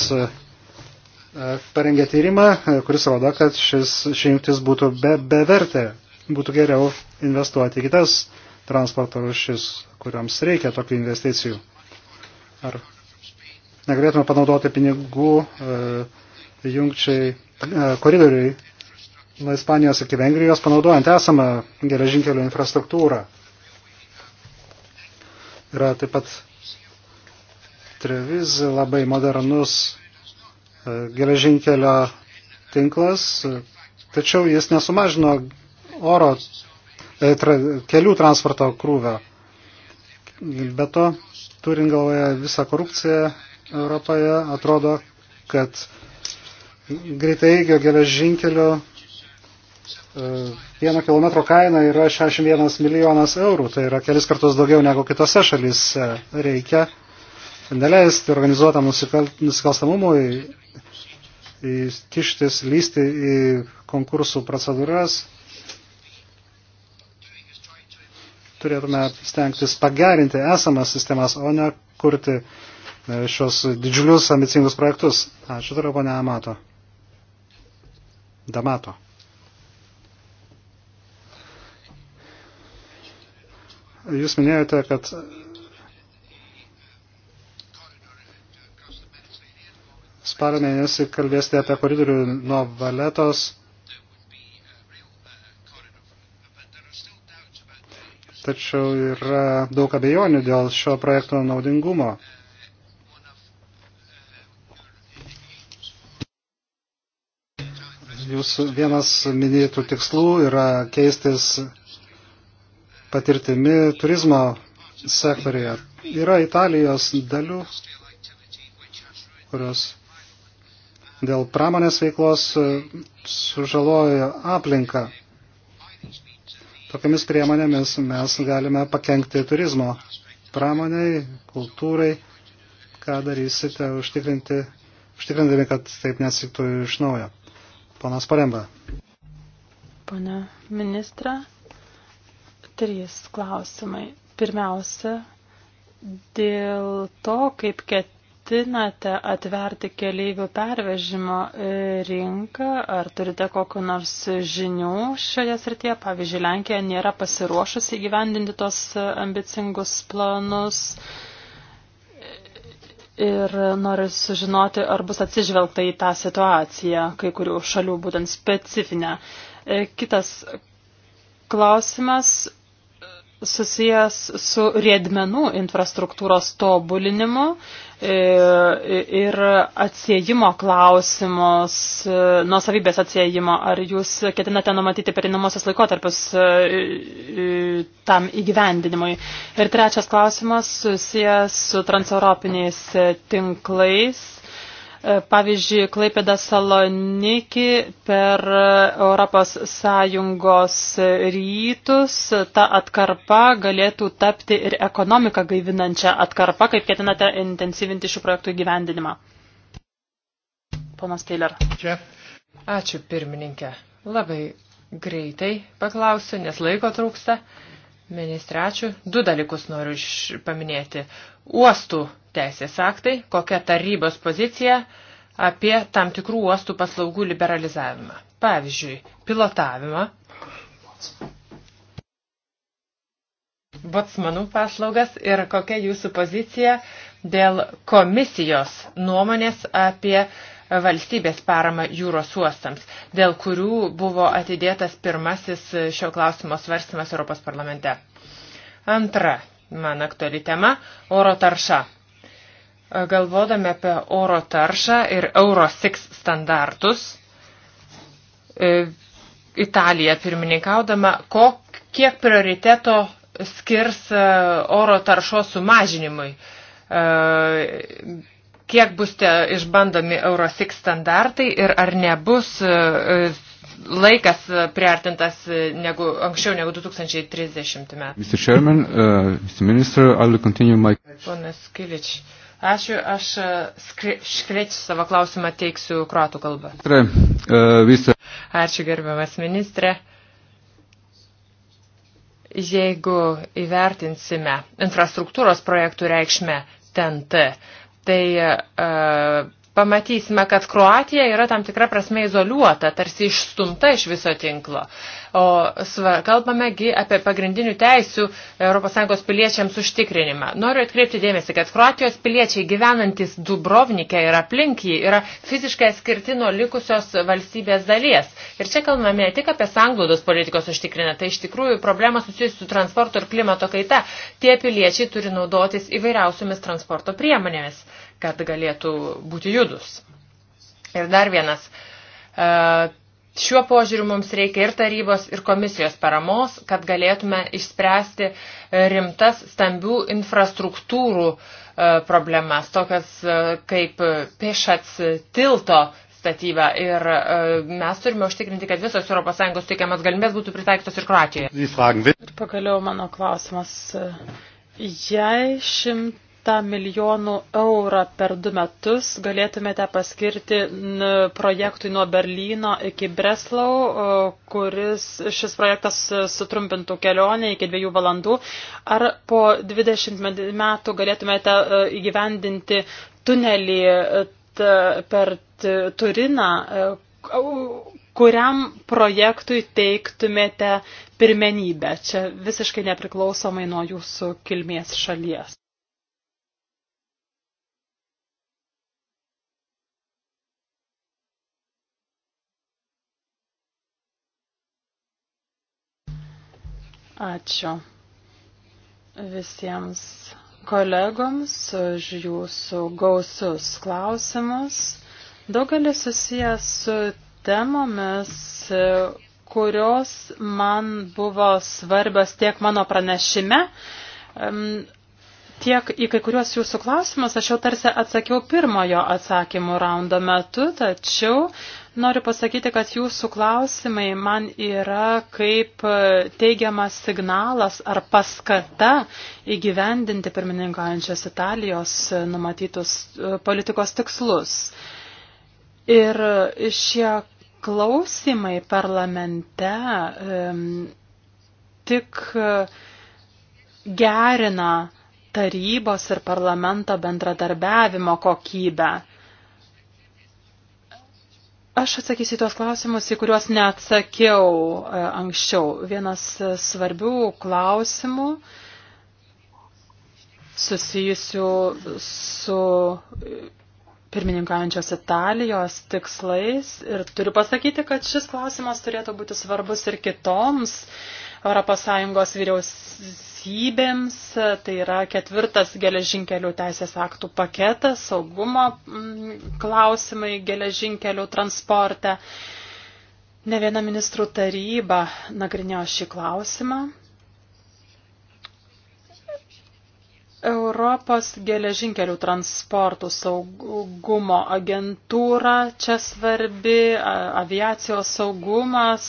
E, parengė tyrimą, e, kuris rodo, kad šis šimtis būtų be, bevertė, būtų geriau investuoti į kitas transporto rušis, kuriams reikia tokių investicijų. Ar negalėtume panaudoti pinigų e, jungčiai, e, koridoriui nuo Ispanijos iki Vengrijos, panaudojant esamą geležinkelio infrastruktūrą. Yra taip pat Treviz labai modernus E, geležinkelio tinklas, tačiau jis nesumažino oro e, tra, kelių transporto krūvio. Be to, turint galvoje visą korupciją Europoje, atrodo, kad greitai geležinkelio e, vieno kilometro kaina yra 61 milijonas eurų, tai yra kelis kartus daugiau negu kitose šalyse reikia neleisti organizuotam nusikalstamumui kištis, lysti į konkursų procedūras. Turėtume stengtis pagerinti esamas sistemas, o ne kurti e, šios didžiulius ambicingus projektus. Ačiū turiu, ponia Amato. Damato. Jūs minėjote, kad spalio mėnesį kalbėsite apie koridorių nuo Valetos. Tačiau yra daug abejonių dėl šio projekto naudingumo. Jūsų vienas minėtų tikslų yra keistis patirtimi turizmo sektorėje. Yra Italijos dalių, kurios dėl pramonės veiklos e, sužalojo aplinką. Tokiamis priemonėmis mes galime pakengti turizmo pramoniai, kultūrai, ką darysite užtikrinti, užtikrindami, kad taip nesiktų iš naujo. Ponas Paremba. Pane ministra, trys klausimai. Pirmiausia, dėl to, kaip ket ketinate atverti keleivių pervežimo e, rinką? Ar turite kokiu nors žinių šioje srityje? Pavyzdžiui, Lenkija nėra pasiruošusi gyvendinti tos e, ambicingus planus. Ir noriu sužinoti, ar bus atsižvelgta į tą situaciją, kai kurių šalių būtent specifinę. E, kitas klausimas susijęs su riedmenų infrastruktūros tobulinimu e, ir atsiejimo klausimus, e, nuosavybės atsiejimo. Ar jūs ketinate numatyti perinamosios laikotarpius e, tam įgyvendinimui? Ir trečias klausimas susijęs su transeuropiniais tinklais E, pavyzdžiui, Klaipėda Saloniki per e, Europos Sąjungos rytus ta atkarpa galėtų tapti ir ekonomiką gaivinančią atkarpą, kaip ketinate intensyvinti šių projektų įgyvendinimą. Ponas Taylor. Čia. Ačiū pirmininkė. Labai greitai paklausiu, nes laiko trūksta. Ministre, ačiū. Du dalykus noriu paminėti uostų teisės aktai, kokia tarybos pozicija apie tam tikrų uostų paslaugų liberalizavimą. Pavyzdžiui, pilotavimą, botsmanų paslaugas ir kokia jūsų pozicija dėl komisijos nuomonės apie valstybės paramą jūros uostams, dėl kurių buvo atidėtas pirmasis šio klausimo svarstymas Europos parlamente. Antra, man aktuali tema - oro tarša. E, galvodami apie oro taršą ir Euro 6 standartus, e, Italija pirmininkaudama, kok, kiek prioriteto skirs e, oro taršos sumažinimui, kiek bus te išbandomi Euro 6 standartai ir ar nebus laikas priartintas negu, anksčiau negu 2030 metų. Mr. Chairman, uh, Mr. Minister, I will continue my... Ponas Kilič, ačiū, aš škrečiu uh, savo klausimą teiksiu kruatų kalbą. Tre, uh, visa... Ačiū gerbiamas ministrė. Jeigu įvertinsime infrastruktūros projektų reikšmę TNT, tai uh, pamatysime, kad Kroatija yra tam tikra prasme izoliuota, tarsi išstumta iš viso tinklo. O sva, kalbamegi apie pagrindinių teisių ES piliečiams užtikrinimą. Noriu atkreipti dėmesį, kad Kroatijos piliečiai gyvenantis Dubrovnike ir aplink jį yra fiziškai skirti nuo likusios valstybės dalies. Ir čia kalbame ne tik apie sanglaudos politikos užtikrinę, tai iš tikrųjų problema susijusi su transporto ir klimato kaita. Tie piliečiai turi naudotis įvairiausiomis transporto priemonėmis, kad galėtų būti judus. Ir dar vienas e, Šiuo požiūriu mums reikia ir tarybos, ir komisijos paramos, kad galėtume išspręsti e, rimtas stambių infrastruktūrų e, problemas, tokias e, kaip pešats tilto statyba. Ir mes turime užtikrinti, kad visos ES teikiamas galimybės būtų pritaiktos ir Kroatijoje. Ir pagaliau mano klausimas. Jei šimt milijonų eurą per du metus galėtumėte paskirti projektui nuo Berlyno iki Breslau, kuris šis projektas sutrumpintų kelionę iki dviejų valandų. Ar po 20 metų galėtumėte e, įgyvendinti tunelį e, per Turiną, e, kuriam projektui teiktumėte pirmenybę? Čia visiškai nepriklausomai nuo jūsų kilmės šalies. Ačiū visiems kolegoms už jūsų gausius klausimus. Daugelis susijęs su temomis, kurios man buvo svarbios tiek mano pranešime, tiek į kai kuriuos jūsų klausimus aš jau tarsi atsakiau pirmojo atsakymų raundo metu, tačiau Noriu pasakyti, kad jūsų klausimai man yra kaip e, teigiamas signalas ar paskata įgyvendinti pirmininkaujančios Italijos e, numatytus e, politikos tikslus. Ir šie klausimai parlamente um, tik gerina tarybos ir parlamento bendradarbiavimo kokybę. Aš atsakysiu tuos klausimus, į kuriuos neatsakiau e, anksčiau. Vienas e, svarbių klausimų susijusių su pirmininkaujančios Italijos tikslais. Ir turiu pasakyti, kad šis klausimas turėtų būti svarbus ir kitoms ES vyriausybėms. Tai yra ketvirtas geležinkelių teisės aktų paketas, saugumo mm, klausimai geležinkelių transporte. Ne viena ministrų taryba nagrinėjo šį klausimą. Europos geležinkelių transportų saugumo agentūra čia svarbi, aviacijos saugumas,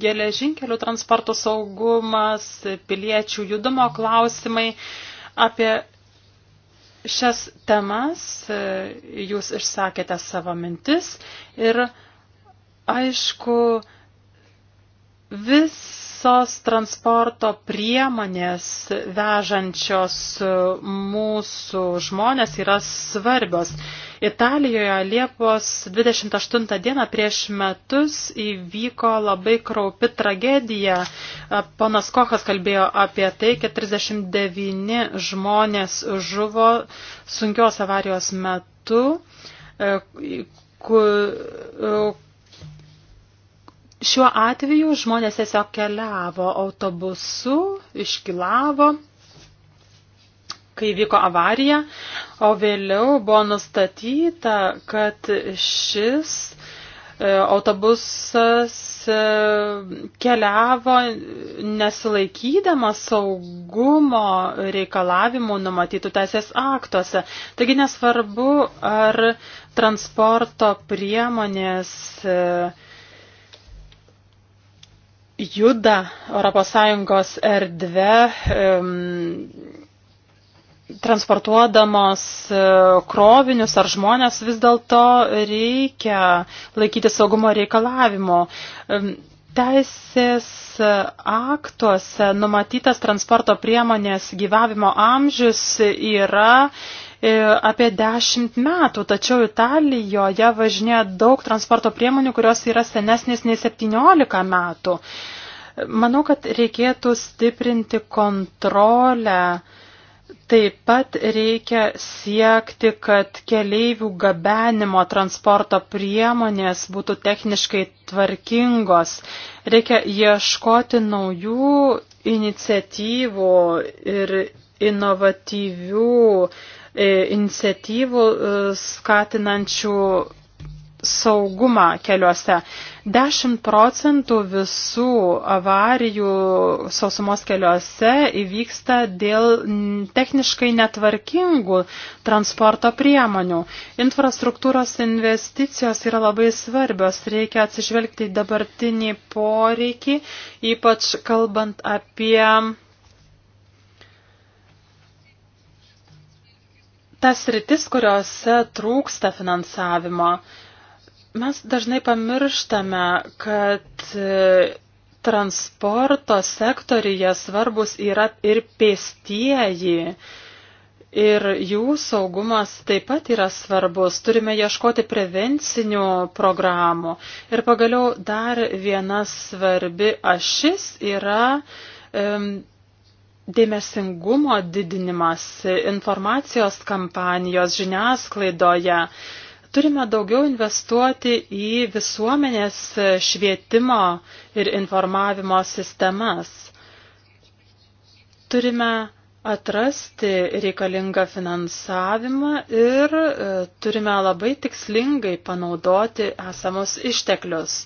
geležinkelių transporto saugumas, piliečių judumo klausimai. Apie šias temas e, jūs išsakėte savo mintis ir aišku, visos transporto priemonės vežančios mūsų žmonės yra svarbios. Italijoje Liepos 28 dieną prieš metus įvyko labai kraupi tragedija. Ponas Kochas kalbėjo apie tai, kad 39 žmonės žuvo sunkios avarijos metu. E, e, šiuo atveju žmonės tiesiog keliavo autobusu, iškilavo kai vyko avarija, o vėliau buvo nustatyta, kad šis e, autobusas e, keliavo nesilaikydamas saugumo reikalavimų numatytų teisės aktuose. Taigi nesvarbu, ar transporto priemonės e, juda ES erdve transportuodamos e, krovinius ar žmonės vis dėlto reikia laikyti saugumo reikalavimo. E, teisės aktuose numatytas transporto priemonės gyvavimo amžius yra e, apie 10 metų, tačiau Italijoje važinėja daug transporto priemonių, kurios yra senesnės nei 17 metų. Manau, kad reikėtų stiprinti kontrolę Taip pat reikia siekti, kad keleivių gabenimo transporto priemonės būtų techniškai tvarkingos. Reikia ieškoti naujų iniciatyvų ir inovatyvių e, iniciatyvų e, skatinančių saugumą keliuose. 10 procentų visų avarijų sausumos keliuose įvyksta dėl techniškai netvarkingų transporto priemonių. Infrastruktūros investicijos yra labai svarbios, reikia atsižvelgti į dabartinį poreikį, ypač kalbant apie tas rytis, kuriuose trūksta finansavimo. Mes dažnai pamirštame, kad e, transporto sektorija svarbus yra ir pėstieji. Ir jų saugumas taip pat yra svarbus. Turime ieškoti prevencinių programų. Ir pagaliau dar viena svarbi ašis yra um, dėmesingumo didinimas informacijos kampanijos žiniasklaidoje. Uh, Turime daugiau investuoti į visuomenės švietimo ir informavimo sistemas. Turime atrasti reikalingą finansavimą ir e, turime labai tikslingai panaudoti esamus išteklius.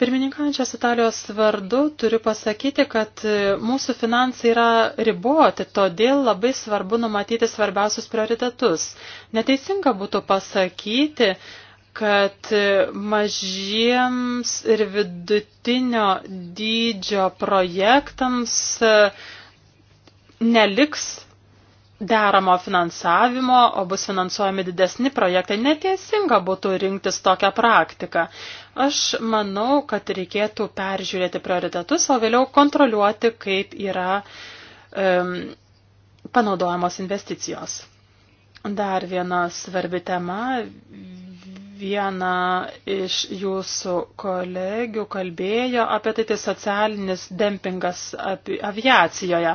Pirmininkančios Italijos vardu turiu pasakyti, kad mūsų finansai yra riboti, todėl labai svarbu numatyti svarbiausius prioritetus. Neteisinga būtų pasakyti, kad mažiems ir vidutinio dydžio projektams neliks deramo finansavimo, o bus finansuojami didesni projektai, neteisinga būtų rinktis tokią praktiką. Aš manau, kad reikėtų peržiūrėti prioritetus, o vėliau kontroliuoti, kaip yra um, panaudojamos investicijos. Dar viena svarbi tema viena iš jūsų kolegių kalbėjo apie tai, tai socialinis dempingas aviacijoje.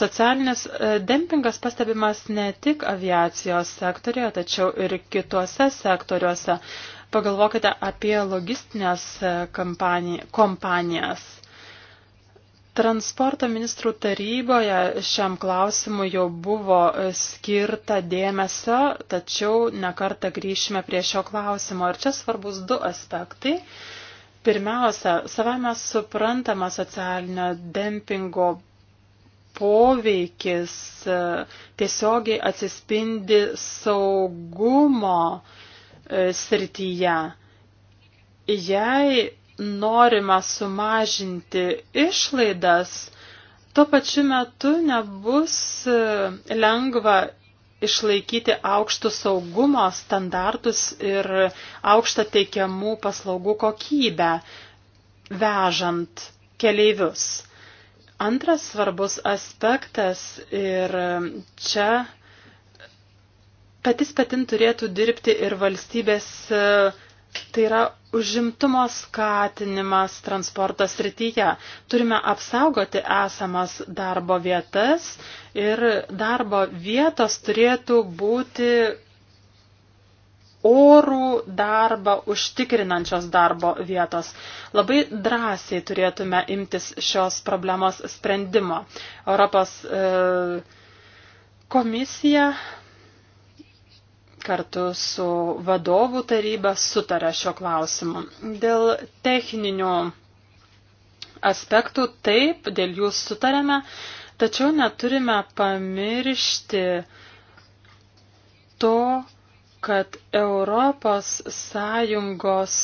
Socialinis e, dempingas pastebimas ne tik aviacijos sektorijoje, tačiau ir kituose sektoriuose. Pagalvokite apie logistinės e, kompanijas. Transporto ministrų taryboje šiam klausimui jau buvo skirta dėmesio, tačiau nekartą grįšime prie šio klausimo. Ir čia svarbus du aspektai. Pirmiausia, savame suprantama socialinio dempingo poveikis tiesiogiai atsispindi saugumo e, srityje. Jei norima sumažinti išlaidas, tuo pačiu metu nebus e, lengva išlaikyti aukštus saugumo standartus ir aukštą teikiamų paslaugų kokybę vežant keleivius. Antras svarbus aspektas ir čia patys patin turėtų dirbti ir valstybės uh, Tai yra užimtumo skatinimas transporto srityje. Turime apsaugoti esamas darbo vietas ir darbo vietos turėtų būti orų darbą užtikrinančios darbo vietos. Labai drąsiai turėtume imtis šios problemos sprendimo. Europos e, komisija kartu su vadovų taryba sutarė šio klausimu. Dėl techninių aspektų taip, dėl jų sutarėme, tačiau neturime pamiršti to, kad Europos Sąjungos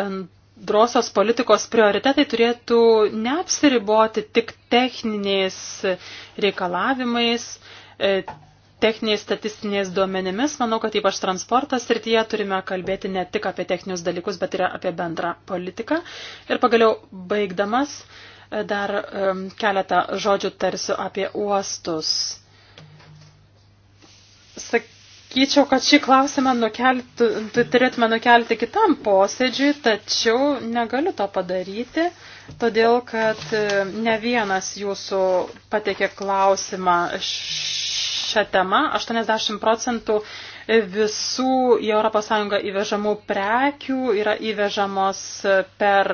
bendrosios politikos prioritetai turėtų neapsiriboti tik techniniais reikalavimais, techniniais statistiniais duomenimis, manau, kad ypač transportas srityje turime kalbėti ne tik apie techninius dalykus, bet ir apie bendrą politiką. Ir pagaliau, baigdamas, e, dar um, keletą žodžių tarsiu apie uostus. Sakyčiau, kad šį klausimą nukelti, turėtume nukelti kitam posėdžiui, tačiau negaliu to padaryti, todėl kad e, ne vienas jūsų patekė klausimą š šią temą. 80 procentų visų į ES įvežamų prekių yra įvežamos per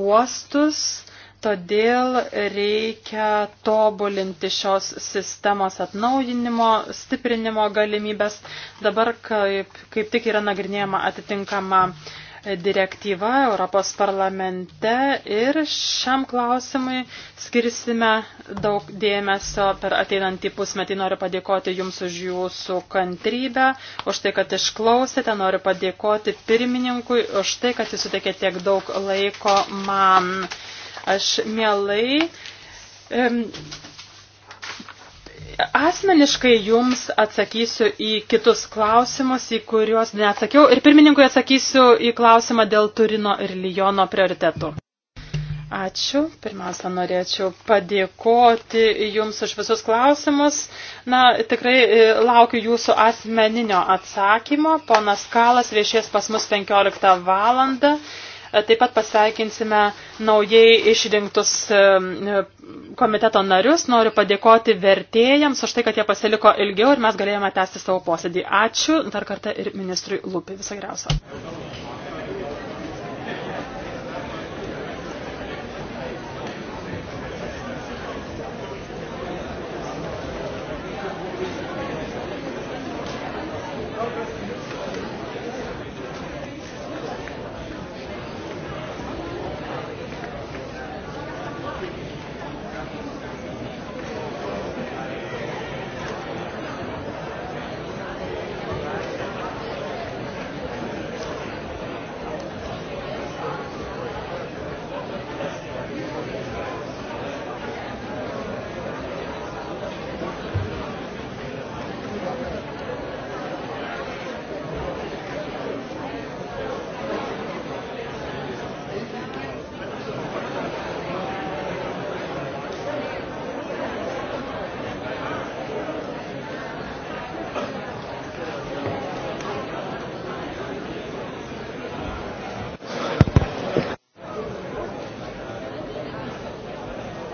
uostus, todėl reikia tobulinti šios sistemos atnaujinimo, stiprinimo galimybės. Dabar kaip, kaip tik yra nagrinėjama atitinkama uh, direktyva Europos parlamente ir šiam klausimui skirsime daug dėmesio per ateinantį pusmetį. Noriu padėkoti Jums už Jūsų kantrybę, už tai, kad išklausėte, noriu padėkoti pirmininkui už tai, kad Jūs suteikė tiek daug laiko man. Aš mielai. Um, asmeniškai jums atsakysiu į kitus klausimus, į kuriuos neatsakiau. Ir pirmininkui atsakysiu į klausimą dėl Turino ir Lijono prioritetų. Ačiū. Pirmiausia, norėčiau padėkoti Jums už visus klausimus. Na, tikrai e, laukiu Jūsų asmeninio atsakymo. Ponas Kalas viešės pas mus 15 valandą. Taip pat pasveikinsime naujai išrinktus komiteto narius. Noriu padėkoti vertėjams už tai, kad jie pasiliko ilgiau ir mes galėjome tęsti savo posėdį. Ačiū dar kartą ir ministrui Lūpiai. Visą geriausią.